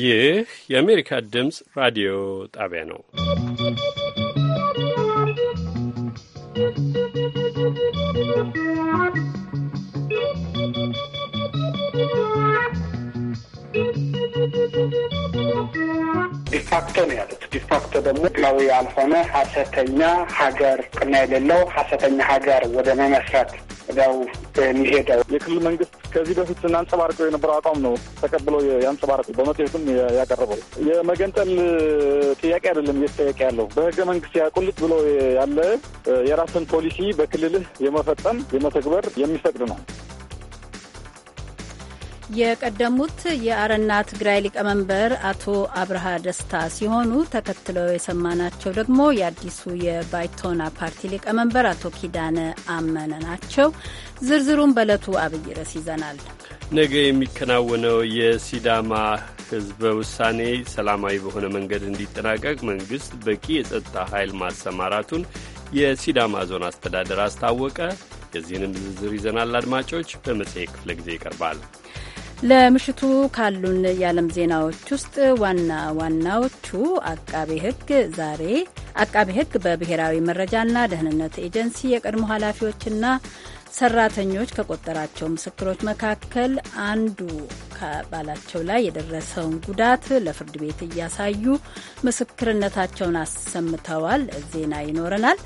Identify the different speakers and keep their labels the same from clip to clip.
Speaker 1: ይህ የአሜሪካ ድምፅ ራዲዮ ጣቢያ ነው።
Speaker 2: ዲፋክቶ ነው ያሉት። ዲፋክቶ ደግሞ ህጋዊ ያልሆነ ሀሰተኛ ሀገር ቅና የሌለው ሀሰተኛ ሀገር ወደ መመስረት ነው የሚሄደው። የክልል መንግስት ከዚህ በፊት እናንጸባርቀው የነበረው አቋም ነው ተቀብለው ያንጸባርቀው በመጽሔቱም ያቀረበው የመገንጠል ጥያቄ አይደለም እየተጠየቀ ያለው በህገ መንግስት ያቁልጥ ብሎ ያለ የራስን ፖሊሲ በክልልህ የመፈጸም የመተግበር የሚፈቅድ
Speaker 3: ነው።
Speaker 4: የቀደሙት የአረና ትግራይ ሊቀመንበር አቶ አብርሃ ደስታ ሲሆኑ ተከትለው የሰማናቸው ደግሞ የአዲሱ የባይቶና ፓርቲ ሊቀመንበር አቶ ኪዳነ አመነ ናቸው። ዝርዝሩን በዕለቱ አብይ ርዕስ ይዘናል።
Speaker 1: ነገ የሚከናወነው የሲዳማ ህዝበ ውሳኔ ሰላማዊ በሆነ መንገድ እንዲጠናቀቅ መንግስት በቂ የጸጥታ ኃይል ማሰማራቱን የሲዳማ ዞን አስተዳደር አስታወቀ። የዚህንም ዝርዝር ይዘናል። አድማጮች በመጽሔት ክፍለ ጊዜ ይቀርባል።
Speaker 4: ለምሽቱ ካሉን የዓለም ዜናዎች ውስጥ ዋና ዋናዎቹ አቃቤ ሕግ ዛሬ አቃቤ ሕግ በብሔራዊ መረጃና ደህንነት ኤጀንሲ የቀድሞ ኃላፊዎችና ሰራተኞች ከቆጠራቸው ምስክሮች መካከል አንዱ ከባላቸው ላይ የደረሰውን ጉዳት ለፍርድ ቤት እያሳዩ ምስክርነታቸውን አሰምተዋል። ዜና ይኖረናል።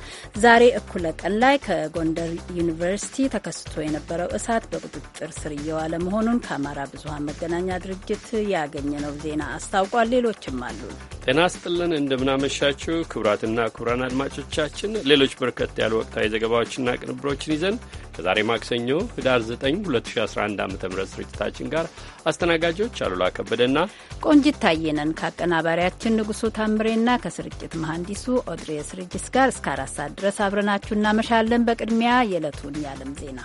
Speaker 4: ዛሬ እኩለ ቀን ላይ ከጎንደር ዩኒቨርሲቲ ተከስቶ የነበረው እሳት በቁጥጥር ስር እየዋለ መሆኑን ከአማራ ብዙኃን መገናኛ ድርጅት ያገኘነው ዜና አስታውቋል። ሌሎችም አሉ።
Speaker 1: ጤና ስጥልን፣ እንደምናመሻችሁ ክቡራትና ክቡራን አድማጮቻችን ሌሎች በርከት ያሉ ወቅታዊ ዘገባዎችና ቅንብሮችን ይዘን ከዛሬ ማክሰኞ ህዳር 9 2011 ዓ ም ስርጭታችን ጋር አስተናጋጆች አሉላ ከበደና
Speaker 4: ቆንጂት ታየነን ከአቀናባሪያችን ንጉሱ ታምሬና ከስርጭት መሐንዲሱ ኦድሬ ስርጅስ ጋር እስከ አራት ሰዓት ድረስ አብረናችሁ እናመሻለን። በቅድሚያ የዕለቱን የዓለም ዜና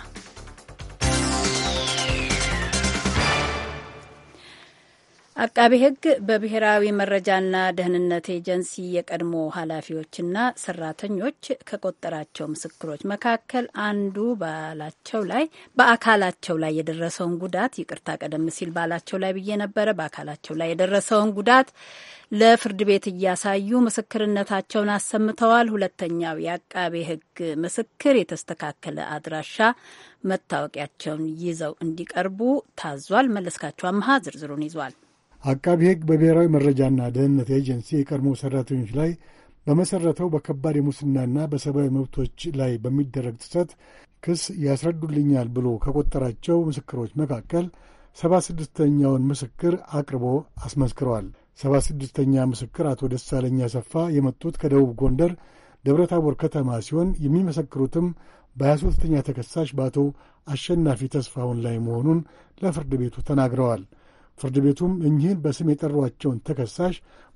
Speaker 4: አቃቤ ሕግ በብሔራዊ መረጃና ደህንነት ኤጀንሲ የቀድሞ ኃላፊዎችና ሰራተኞች ከቆጠራቸው ምስክሮች መካከል አንዱ ባላቸው ላይ በአካላቸው ላይ የደረሰውን ጉዳት ይቅርታ፣ ቀደም ሲል ባላቸው ላይ ብዬ ነበረ። በአካላቸው ላይ የደረሰውን ጉዳት ለፍርድ ቤት እያሳዩ ምስክርነታቸውን አሰምተዋል። ሁለተኛው የአቃቤ ሕግ ምስክር የተስተካከለ አድራሻ መታወቂያቸውን ይዘው እንዲቀርቡ ታዟል። መለስካቸው አመሀ ዝርዝሩን ይዟል።
Speaker 5: አቃቢ ሕግ በብሔራዊ መረጃና ደህንነት ኤጀንሲ የቀድሞ ሠራተኞች ላይ በመሠረተው በከባድ የሙስናና በሰብአዊ መብቶች ላይ በሚደረግ ጥሰት ክስ ያስረዱልኛል ብሎ ከቆጠራቸው ምስክሮች መካከል ሰባ ስድስተኛውን ምስክር አቅርቦ አስመስክረዋል። ሰባ ስድስተኛ ምስክር አቶ ደሳለኛ ሰፋ የመጡት ከደቡብ ጎንደር ደብረ ታቦር ከተማ ሲሆን የሚመሰክሩትም በሀያ ሦስተኛ ተከሳሽ በአቶ አሸናፊ ተስፋውን ላይ መሆኑን ለፍርድ ቤቱ ተናግረዋል። ፍርድ ቤቱም እኚህን በስም የጠሯቸውን ተከሳሽ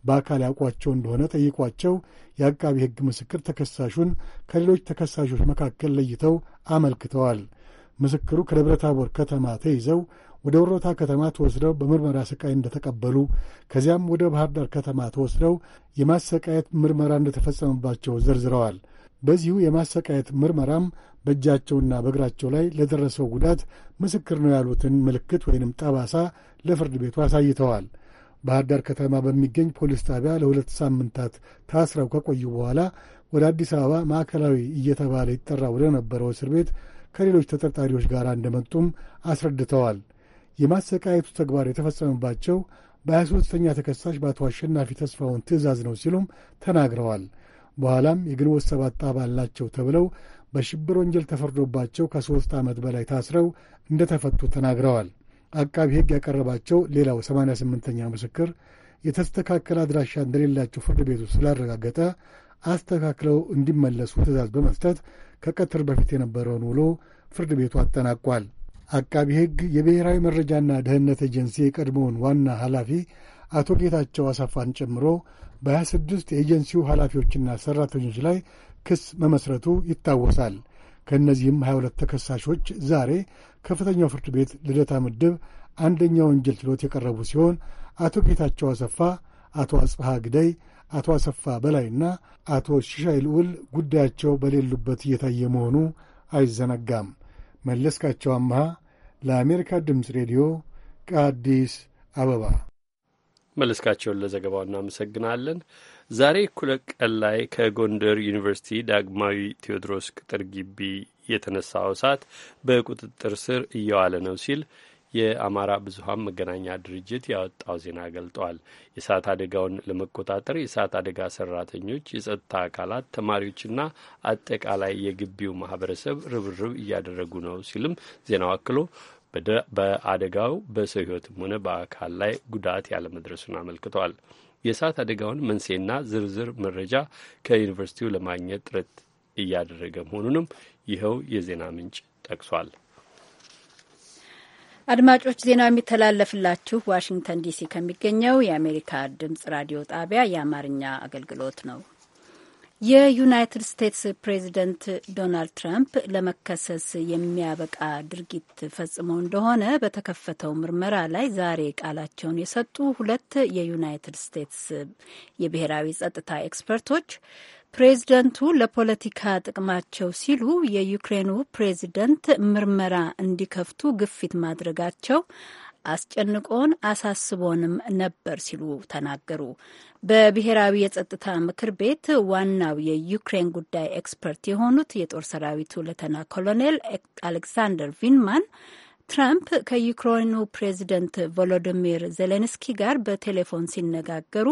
Speaker 5: በአካል ያውቋቸው እንደሆነ ጠይቋቸው የአቃቢ ሕግ ምስክር ተከሳሹን ከሌሎች ተከሳሾች መካከል ለይተው አመልክተዋል። ምስክሩ ከደብረታቦር ከተማ ተይዘው ወደ ወሮታ ከተማ ተወስደው በምርመራ ስቃይ እንደተቀበሉ ከዚያም ወደ ባህር ዳር ከተማ ተወስደው የማሰቃየት ምርመራ እንደተፈጸመባቸው ዘርዝረዋል። በዚሁ የማሰቃየት ምርመራም በእጃቸውና በእግራቸው ላይ ለደረሰው ጉዳት ምስክር ነው ያሉትን ምልክት ወይንም ጠባሳ ለፍርድ ቤቱ አሳይተዋል። ባህር ዳር ከተማ በሚገኝ ፖሊስ ጣቢያ ለሁለት ሳምንታት ታስረው ከቆዩ በኋላ ወደ አዲስ አበባ ማዕከላዊ እየተባለ ይጠራ ወደ ነበረው እስር ቤት ከሌሎች ተጠርጣሪዎች ጋር እንደመጡም አስረድተዋል። የማሰቃየቱ ተግባር የተፈጸመባቸው በ23ተኛ ተከሳሽ በአቶ አሸናፊ ተስፋውን ትእዛዝ ነው ሲሉም ተናግረዋል። በኋላም የግንቦት ሰባት አባል ናቸው ተብለው በሽብር ወንጀል ተፈርዶባቸው ከሦስት ዓመት በላይ ታስረው እንደተፈቱ ተናግረዋል። አቃቢ ሕግ ያቀረባቸው ሌላው 88ኛ ምስክር የተስተካከለ አድራሻ እንደሌላቸው ፍርድ ቤቱ ስላረጋገጠ አስተካክለው እንዲመለሱ ትእዛዝ በመስጠት ከቀትር በፊት የነበረውን ውሎ ፍርድ ቤቱ አጠናቋል። አቃቢ ሕግ የብሔራዊ መረጃና ደህንነት ኤጀንሲ የቀድሞውን ዋና ኃላፊ አቶ ጌታቸው አሳፋን ጨምሮ በ26 የኤጀንሲው ኃላፊዎችና ሠራተኞች ላይ ክስ መመስረቱ ይታወሳል። ከእነዚህም 22 ተከሳሾች ዛሬ ከፍተኛው ፍርድ ቤት ልደታ ምድብ አንደኛ ወንጀል ችሎት የቀረቡ ሲሆን አቶ ጌታቸው አሰፋ፣ አቶ አጽብሃ ግደይ፣ አቶ አሰፋ በላይና አቶ ሽሻይ ልዑል ጉዳያቸው በሌሉበት እየታየ መሆኑ አይዘነጋም። መለስካቸው አመሃ ለአሜሪካ ድምፅ ሬዲዮ ከአዲስ አበባ
Speaker 1: መለስካቸውን ለዘገባው እናመሰግናለን። ዛሬ እኩለ ቀን ላይ ከጎንደር ዩኒቨርሲቲ ዳግማዊ ቴዎድሮስ ቅጥር ግቢ የተነሳው እሳት በቁጥጥር ስር እየዋለ ነው ሲል የአማራ ብዙሀን መገናኛ ድርጅት ያወጣው ዜና ገልጧል። የእሳት አደጋውን ለመቆጣጠር የእሳት አደጋ ሰራተኞች፣ የጸጥታ አካላት፣ ተማሪዎችና አጠቃላይ የግቢው ማህበረሰብ ርብርብ እያደረጉ ነው ሲልም ዜናው አክሎ በአደጋው በሰው ህይወትም ሆነ በአካል ላይ ጉዳት ያለመድረሱን አመልክቷል። የእሳት አደጋውን መንስኤና ዝርዝር መረጃ ከዩኒቨርሲቲው ለማግኘት ጥረት እያደረገ መሆኑንም ይኸው የዜና ምንጭ ጠቅሷል።
Speaker 4: አድማጮች ዜናው የሚተላለፍላችሁ ዋሽንግተን ዲሲ ከሚገኘው የአሜሪካ ድምጽ ራዲዮ ጣቢያ የአማርኛ አገልግሎት ነው። የዩናይትድ ስቴትስ ፕሬዚደንት ዶናልድ ትራምፕ ለመከሰስ የሚያበቃ ድርጊት ፈጽሞ እንደሆነ በተከፈተው ምርመራ ላይ ዛሬ ቃላቸውን የሰጡ ሁለት የዩናይትድ ስቴትስ የብሔራዊ ጸጥታ ኤክስፐርቶች ፕሬዚደንቱ ለፖለቲካ ጥቅማቸው ሲሉ የዩክሬኑ ፕሬዚደንት ምርመራ እንዲከፍቱ ግፊት ማድረጋቸው አስጨንቆን አሳስቦንም ነበር ሲሉ ተናገሩ። በብሔራዊ የጸጥታ ምክር ቤት ዋናው የዩክሬን ጉዳይ ኤክስፐርት የሆኑት የጦር ሰራዊቱ ለተና ኮሎኔል አሌክሳንደር ቪንማን ትራምፕ ከዩክሬኑ ፕሬዚደንት ቮሎዲሚር ዜሌንስኪ ጋር በቴሌፎን ሲነጋገሩ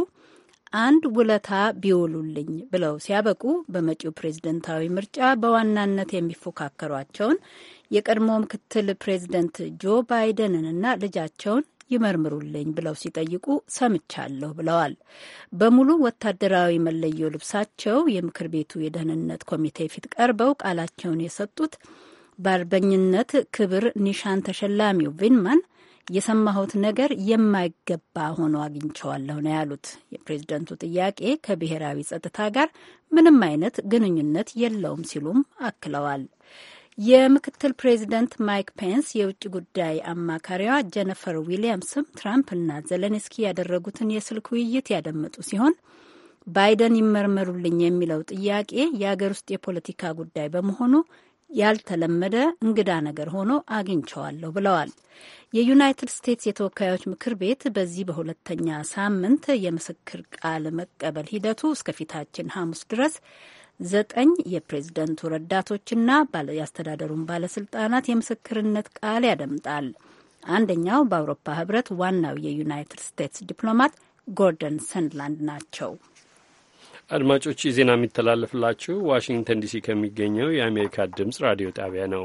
Speaker 4: አንድ ውለታ ቢውሉልኝ ብለው ሲያበቁ በመጪው ፕሬዝደንታዊ ምርጫ በዋናነት የሚፎካከሯቸውን የቀድሞ ምክትል ፕሬዝደንት ጆ ባይደንንና ልጃቸውን ይመርምሩልኝ ብለው ሲጠይቁ ሰምቻለሁ ብለዋል። በሙሉ ወታደራዊ መለዮ ልብሳቸው የምክር ቤቱ የደህንነት ኮሚቴ ፊት ቀርበው ቃላቸውን የሰጡት በአርበኝነት ክብር ኒሻን ተሸላሚው ቪንማን የሰማሁት ነገር የማይገባ ሆኖ አግኝቸዋለሁ ነው ያሉት። የፕሬዝደንቱ ጥያቄ ከብሔራዊ ጸጥታ ጋር ምንም አይነት ግንኙነት የለውም ሲሉም አክለዋል። የምክትል ፕሬዚደንት ማይክ ፔንስ የውጭ ጉዳይ አማካሪዋ ጀነፈር ዊሊያምስም ትራምፕና ዘለንስኪ ያደረጉትን የስልክ ውይይት ያደመጡ ሲሆን ባይደን ይመርመሩልኝ የሚለው ጥያቄ የአገር ውስጥ የፖለቲካ ጉዳይ በመሆኑ ያልተለመደ እንግዳ ነገር ሆኖ አግኝቸዋለሁ ብለዋል። የዩናይትድ ስቴትስ የተወካዮች ምክር ቤት በዚህ በሁለተኛ ሳምንት የምስክር ቃል መቀበል ሂደቱ እስከፊታችን ሐሙስ ድረስ ዘጠኝ የፕሬዝደንቱ ረዳቶችና የአስተዳደሩን ባለስልጣናት የምስክርነት ቃል ያደምጣል። አንደኛው በአውሮፓ ህብረት ዋናው የዩናይትድ ስቴትስ ዲፕሎማት ጎርደን ሰንላንድ ናቸው።
Speaker 1: አድማጮች ዜና የሚተላለፍላችሁ ዋሽንግተን ዲሲ ከሚገኘው የአሜሪካ ድምጽ ራዲዮ ጣቢያ ነው።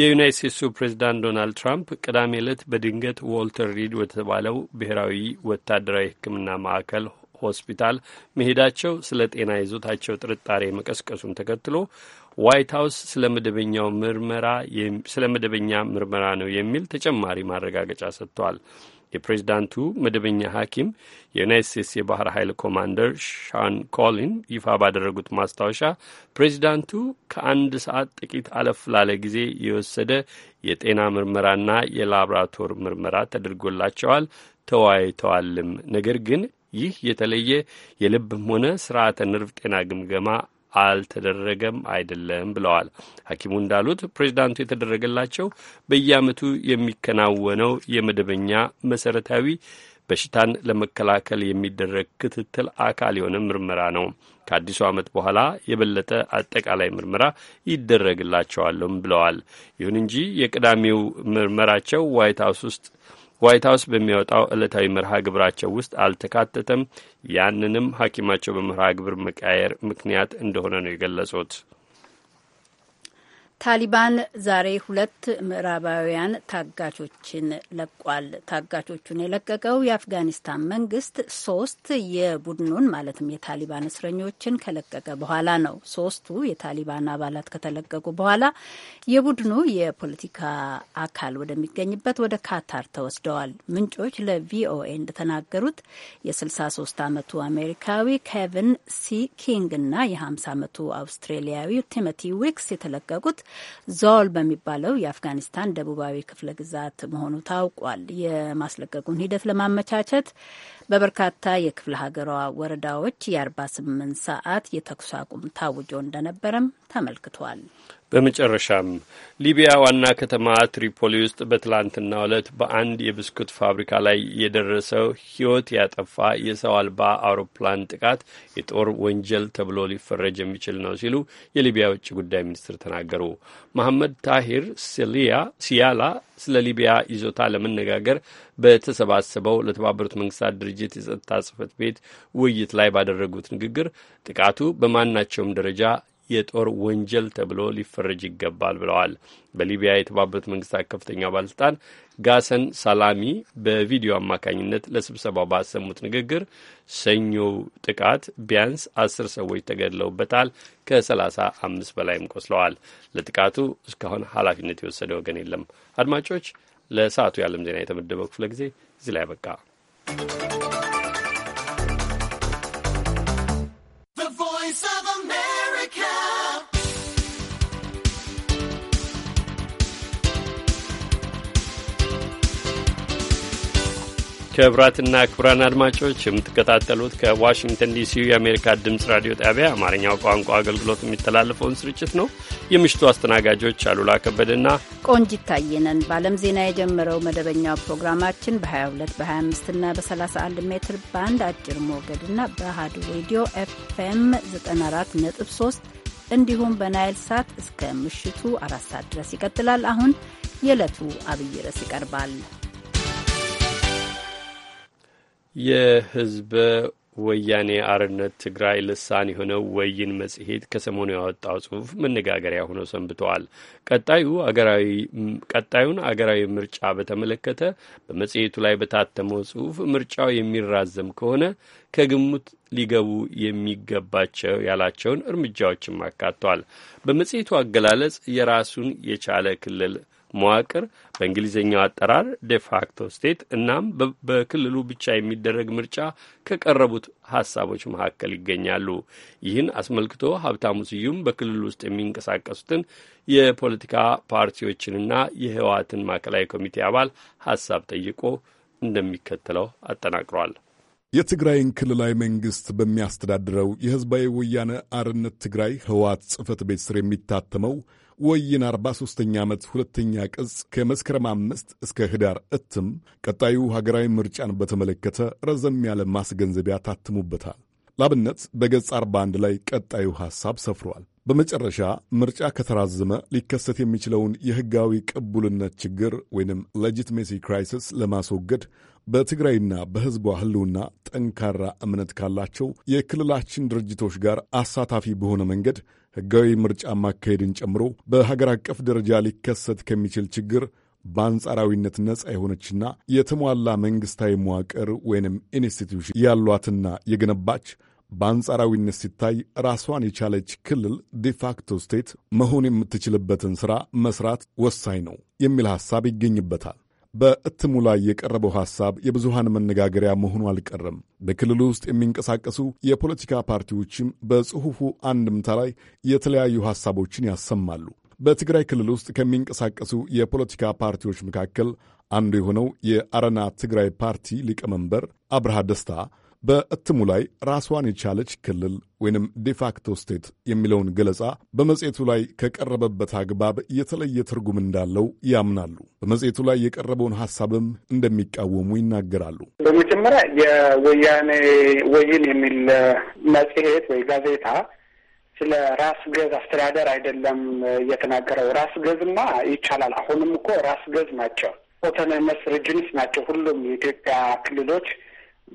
Speaker 1: የዩናይት ስቴትሱ ፕሬዚዳንት ዶናልድ ትራምፕ ቅዳሜ ዕለት በድንገት ዎልተር ሪድ ወደተባለው ብሔራዊ ወታደራዊ ሕክምና ማዕከል ሆስፒታል መሄዳቸው ስለ ጤና ይዞታቸው ጥርጣሬ መቀስቀሱን ተከትሎ ዋይት ሀውስ ስለ መደበኛው ምርመራ ስለ መደበኛ ምርመራ ነው የሚል ተጨማሪ ማረጋገጫ ሰጥቷል። የፕሬዚዳንቱ መደበኛ ሐኪም የዩናይት ስቴትስ የባህር ኃይል ኮማንደር ሻን ኮሊን ይፋ ባደረጉት ማስታወሻ ፕሬዚዳንቱ ከአንድ ሰዓት ጥቂት አለፍ ላለ ጊዜ የወሰደ የጤና ምርመራና የላብራቶር ምርመራ ተደርጎላቸዋል፣ ተወያይተዋልም። ነገር ግን ይህ የተለየ የልብም ሆነ ስርዓተ ነርቭ ጤና ግምገማ አልተደረገም አይደለም ብለዋል። ሐኪሙ እንዳሉት ፕሬዚዳንቱ የተደረገላቸው በየዓመቱ የሚከናወነው የመደበኛ መሰረታዊ በሽታን ለመከላከል የሚደረግ ክትትል አካል የሆነ ምርመራ ነው። ከአዲሱ ዓመት በኋላ የበለጠ አጠቃላይ ምርመራ ይደረግላቸዋልም ብለዋል። ይሁን እንጂ የቅዳሜው ምርመራቸው ዋይት ሀውስ ውስጥ ዋይት ሀውስ በሚያወጣው ዕለታዊ መርሃ ግብራቸው ውስጥ አልተካተተም። ያንንም ሐኪማቸው በመርሃ ግብር መቃየር ምክንያት እንደሆነ ነው የገለጹት።
Speaker 4: ታሊባን ዛሬ ሁለት ምዕራባውያን ታጋቾችን ለቋል። ታጋቾቹን የለቀቀው የአፍጋኒስታን መንግስት ሶስት የቡድኑን ማለትም የታሊባን እስረኞችን ከለቀቀ በኋላ ነው። ሶስቱ የታሊባን አባላት ከተለቀቁ በኋላ የቡድኑ የፖለቲካ አካል ወደሚገኝበት ወደ ካታር ተወስደዋል። ምንጮች ለቪኦኤ እንደተናገሩት የ63 ዓመቱ አሜሪካዊ ኬቪን ሲ ኪንግ እና የ50 ዓመቱ አውስትሬሊያዊ ቲሞቲ ዊክስ የተለቀቁት ዞል በሚባለው የአፍጋኒስታን ደቡባዊ ክፍለ ግዛት መሆኑ ታውቋል። የማስለቀቁን ሂደት ለማመቻቸት በበርካታ የክፍለ ሀገሯ ወረዳዎች የ48 ሰዓት የተኩስ አቁም ታውጆ እንደነበረም ተመልክቷል።
Speaker 1: በመጨረሻም ሊቢያ ዋና ከተማ ትሪፖሊ ውስጥ በትላንትና ዕለት በአንድ የብስኩት ፋብሪካ ላይ የደረሰው ሕይወት ያጠፋ የሰው አልባ አውሮፕላን ጥቃት የጦር ወንጀል ተብሎ ሊፈረጅ የሚችል ነው ሲሉ የሊቢያ ውጭ ጉዳይ ሚኒስትር ተናገሩ። መሐመድ ታሂር ሲያላ ስለ ሊቢያ ይዞታ ለመነጋገር በተሰባሰበው ለተባበሩት መንግስታት ድርጅት የጸጥታ ጽህፈት ቤት ውይይት ላይ ባደረጉት ንግግር ጥቃቱ በማናቸውም ደረጃ የጦር ወንጀል ተብሎ ሊፈረጅ ይገባል ብለዋል። በሊቢያ የተባበሩት መንግስታት ከፍተኛ ባለስልጣን ጋሰን ሳላሚ በቪዲዮ አማካኝነት ለስብሰባ ባሰሙት ንግግር ሰኞው ጥቃት ቢያንስ አስር ሰዎች ተገድለውበታል፣ ከሰላሳ አምስት በላይም ቆስለዋል። ለጥቃቱ እስካሁን ኃላፊነት የወሰደ ወገን የለም። አድማጮች፣ ለሰዓቱ የዓለም ዜና የተመደበው ክፍለ ጊዜ እዚህ ላይ አበቃ። ክቡራትና ክቡራን አድማጮች የምትከታተሉት ከዋሽንግተን ዲሲ የአሜሪካ ድምፅ ራዲዮ ጣቢያ አማርኛው ቋንቋ አገልግሎት የሚተላለፈውን ስርጭት ነው። የምሽቱ አስተናጋጆች አሉላ ከበደና
Speaker 4: ቆንጂት ታየ በአለም በዓለም ዜና የጀመረው መደበኛው ፕሮግራማችን በ22 በ25ና በ31 ሜትር ባንድ አጭር ሞገድና በአሃዱ ሬዲዮ ኤፍኤም 94.3 እንዲሁም በናይል ሳት እስከ ምሽቱ አራት ሰዓት ድረስ ይቀጥላል። አሁን የዕለቱ አብይ ርዕስ ይቀርባል።
Speaker 1: የህዝበ ወያኔ አርነት ትግራይ ልሳን የሆነው ወይን መጽሔት ከሰሞኑ ያወጣው ጽሁፍ መነጋገሪያ ሆኖ ሰንብተዋል። ቀጣዩ አገራዊ ቀጣዩን አገራዊ ምርጫ በተመለከተ በመጽሔቱ ላይ በታተመው ጽሁፍ ምርጫው የሚራዘም ከሆነ ከግምት ሊገቡ የሚገባቸው ያላቸውን እርምጃዎችም አካቷል። በመጽሔቱ አገላለጽ የራሱን የቻለ ክልል መዋቅር በእንግሊዝኛው አጠራር ዴፋክቶ ስቴት እናም በክልሉ ብቻ የሚደረግ ምርጫ ከቀረቡት ሀሳቦች መካከል ይገኛሉ። ይህን አስመልክቶ ሀብታሙ ስዩም በክልሉ ውስጥ የሚንቀሳቀሱትን የፖለቲካ ፓርቲዎችንና የህወሓትን ማዕከላዊ ኮሚቴ አባል ሀሳብ ጠይቆ እንደሚከተለው አጠናቅሯል።
Speaker 6: የትግራይን ክልላዊ መንግስት በሚያስተዳድረው የህዝባዊ ወያነ አርነት ትግራይ ህወሓት ጽህፈት ቤት ስር የሚታተመው ወይን 43ኛ ዓመት ሁለተኛ ቅጽ ከመስከረም አምስት እስከ ህዳር እትም ቀጣዩ ሀገራዊ ምርጫን በተመለከተ ረዘም ያለ ማስገንዘቢያ ታትሙበታል። ላብነት በገጽ 41 ላይ ቀጣዩ ሐሳብ ሰፍሯል። በመጨረሻ ምርጫ ከተራዘመ ሊከሰት የሚችለውን የሕጋዊ ቅቡልነት ችግር ወይንም ሌጂትሜሲ ክራይሲስ ለማስወገድ በትግራይና በሕዝቧ ህልውና ጠንካራ እምነት ካላቸው የክልላችን ድርጅቶች ጋር አሳታፊ በሆነ መንገድ ሕጋዊ ምርጫ ማካሄድን ጨምሮ በሀገር አቀፍ ደረጃ ሊከሰት ከሚችል ችግር በአንጻራዊነት ነጻ የሆነችና የተሟላ መንግሥታዊ መዋቅር ወይንም ኢንስቲትዩሽን ያሏትና የገነባች በአንጻራዊነት ሲታይ ራሷን የቻለች ክልል ዲፋክቶ ስቴት መሆን የምትችልበትን ሥራ መሥራት ወሳኝ ነው የሚል ሐሳብ ይገኝበታል። በእትሙ ላይ የቀረበው ሐሳብ የብዙሃን መነጋገሪያ መሆኑ አልቀረም። በክልሉ ውስጥ የሚንቀሳቀሱ የፖለቲካ ፓርቲዎችም በጽሑፉ አንድምታ ላይ የተለያዩ ሐሳቦችን ያሰማሉ። በትግራይ ክልል ውስጥ ከሚንቀሳቀሱ የፖለቲካ ፓርቲዎች መካከል አንዱ የሆነው የአረና ትግራይ ፓርቲ ሊቀመንበር አብርሃ ደስታ በእትሙ ላይ ራሷን የቻለች ክልል ወይንም ዴፋክቶ ስቴት የሚለውን ገለጻ በመጽሔቱ ላይ ከቀረበበት አግባብ የተለየ ትርጉም እንዳለው ያምናሉ። በመጽሔቱ ላይ የቀረበውን ሀሳብም እንደሚቃወሙ ይናገራሉ።
Speaker 2: በመጀመሪያ የወያኔ ወይን የሚል መጽሔት ወይ ጋዜጣ ስለ ራስ ገዝ አስተዳደር አይደለም እየተናገረው። ራስ ገዝማ ይቻላል። አሁንም እኮ ራስ ገዝ ናቸው፣ ኦቶኖመስ ሪጅንስ ናቸው ሁሉም የኢትዮጵያ ክልሎች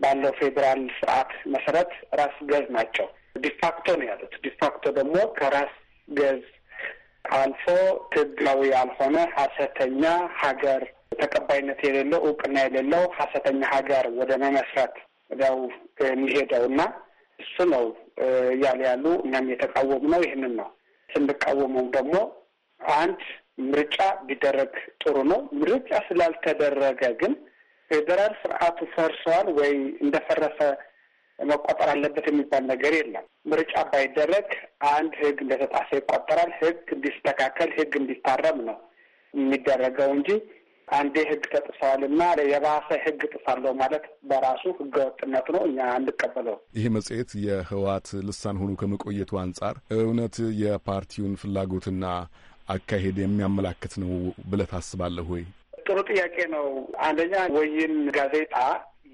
Speaker 2: ባለው ፌዴራል ስርዓት መሰረት ራስ ገዝ ናቸው። ዲፋክቶ ነው ያሉት። ዲፋክቶ ደግሞ ከራስ ገዝ አልፎ ትግላዊ ያልሆነ ሀሰተኛ ሀገር ተቀባይነት የሌለው እውቅና የሌለው ሀሰተኛ ሀገር ወደ መመስረት ወዲያው የሚሄደው እና እሱ ነው እያለ ያሉ እኛም የተቃወሙ ነው። ይህንን ነው ስንቃወመው ደግሞ አንድ ምርጫ ቢደረግ ጥሩ ነው። ምርጫ ስላልተደረገ ግን ፌዴራል ስርዓቱ ፈርሷል ወይ እንደፈረሰ መቆጠር አለበት የሚባል ነገር የለም። ምርጫ ባይደረግ አንድ ህግ እንደተጣሰ ይቆጠራል። ህግ እንዲስተካከል፣ ህግ እንዲታረም ነው የሚደረገው እንጂ አንዴ ህግ ተጥሰዋል እና የባሰ ህግ ጥሳለሁ ማለት በራሱ ህገወጥነት ነው። እኛ አንቀበለው።
Speaker 6: ይህ መጽሔት የህወሓት ልሳን ሆኖ ከመቆየቱ አንጻር እውነት የፓርቲውን ፍላጎትና አካሄድ የሚያመላክት ነው ብለህ ታስባለህ ወይ?
Speaker 2: ጥሩ ጥያቄ ነው። አንደኛ ወይን ጋዜጣ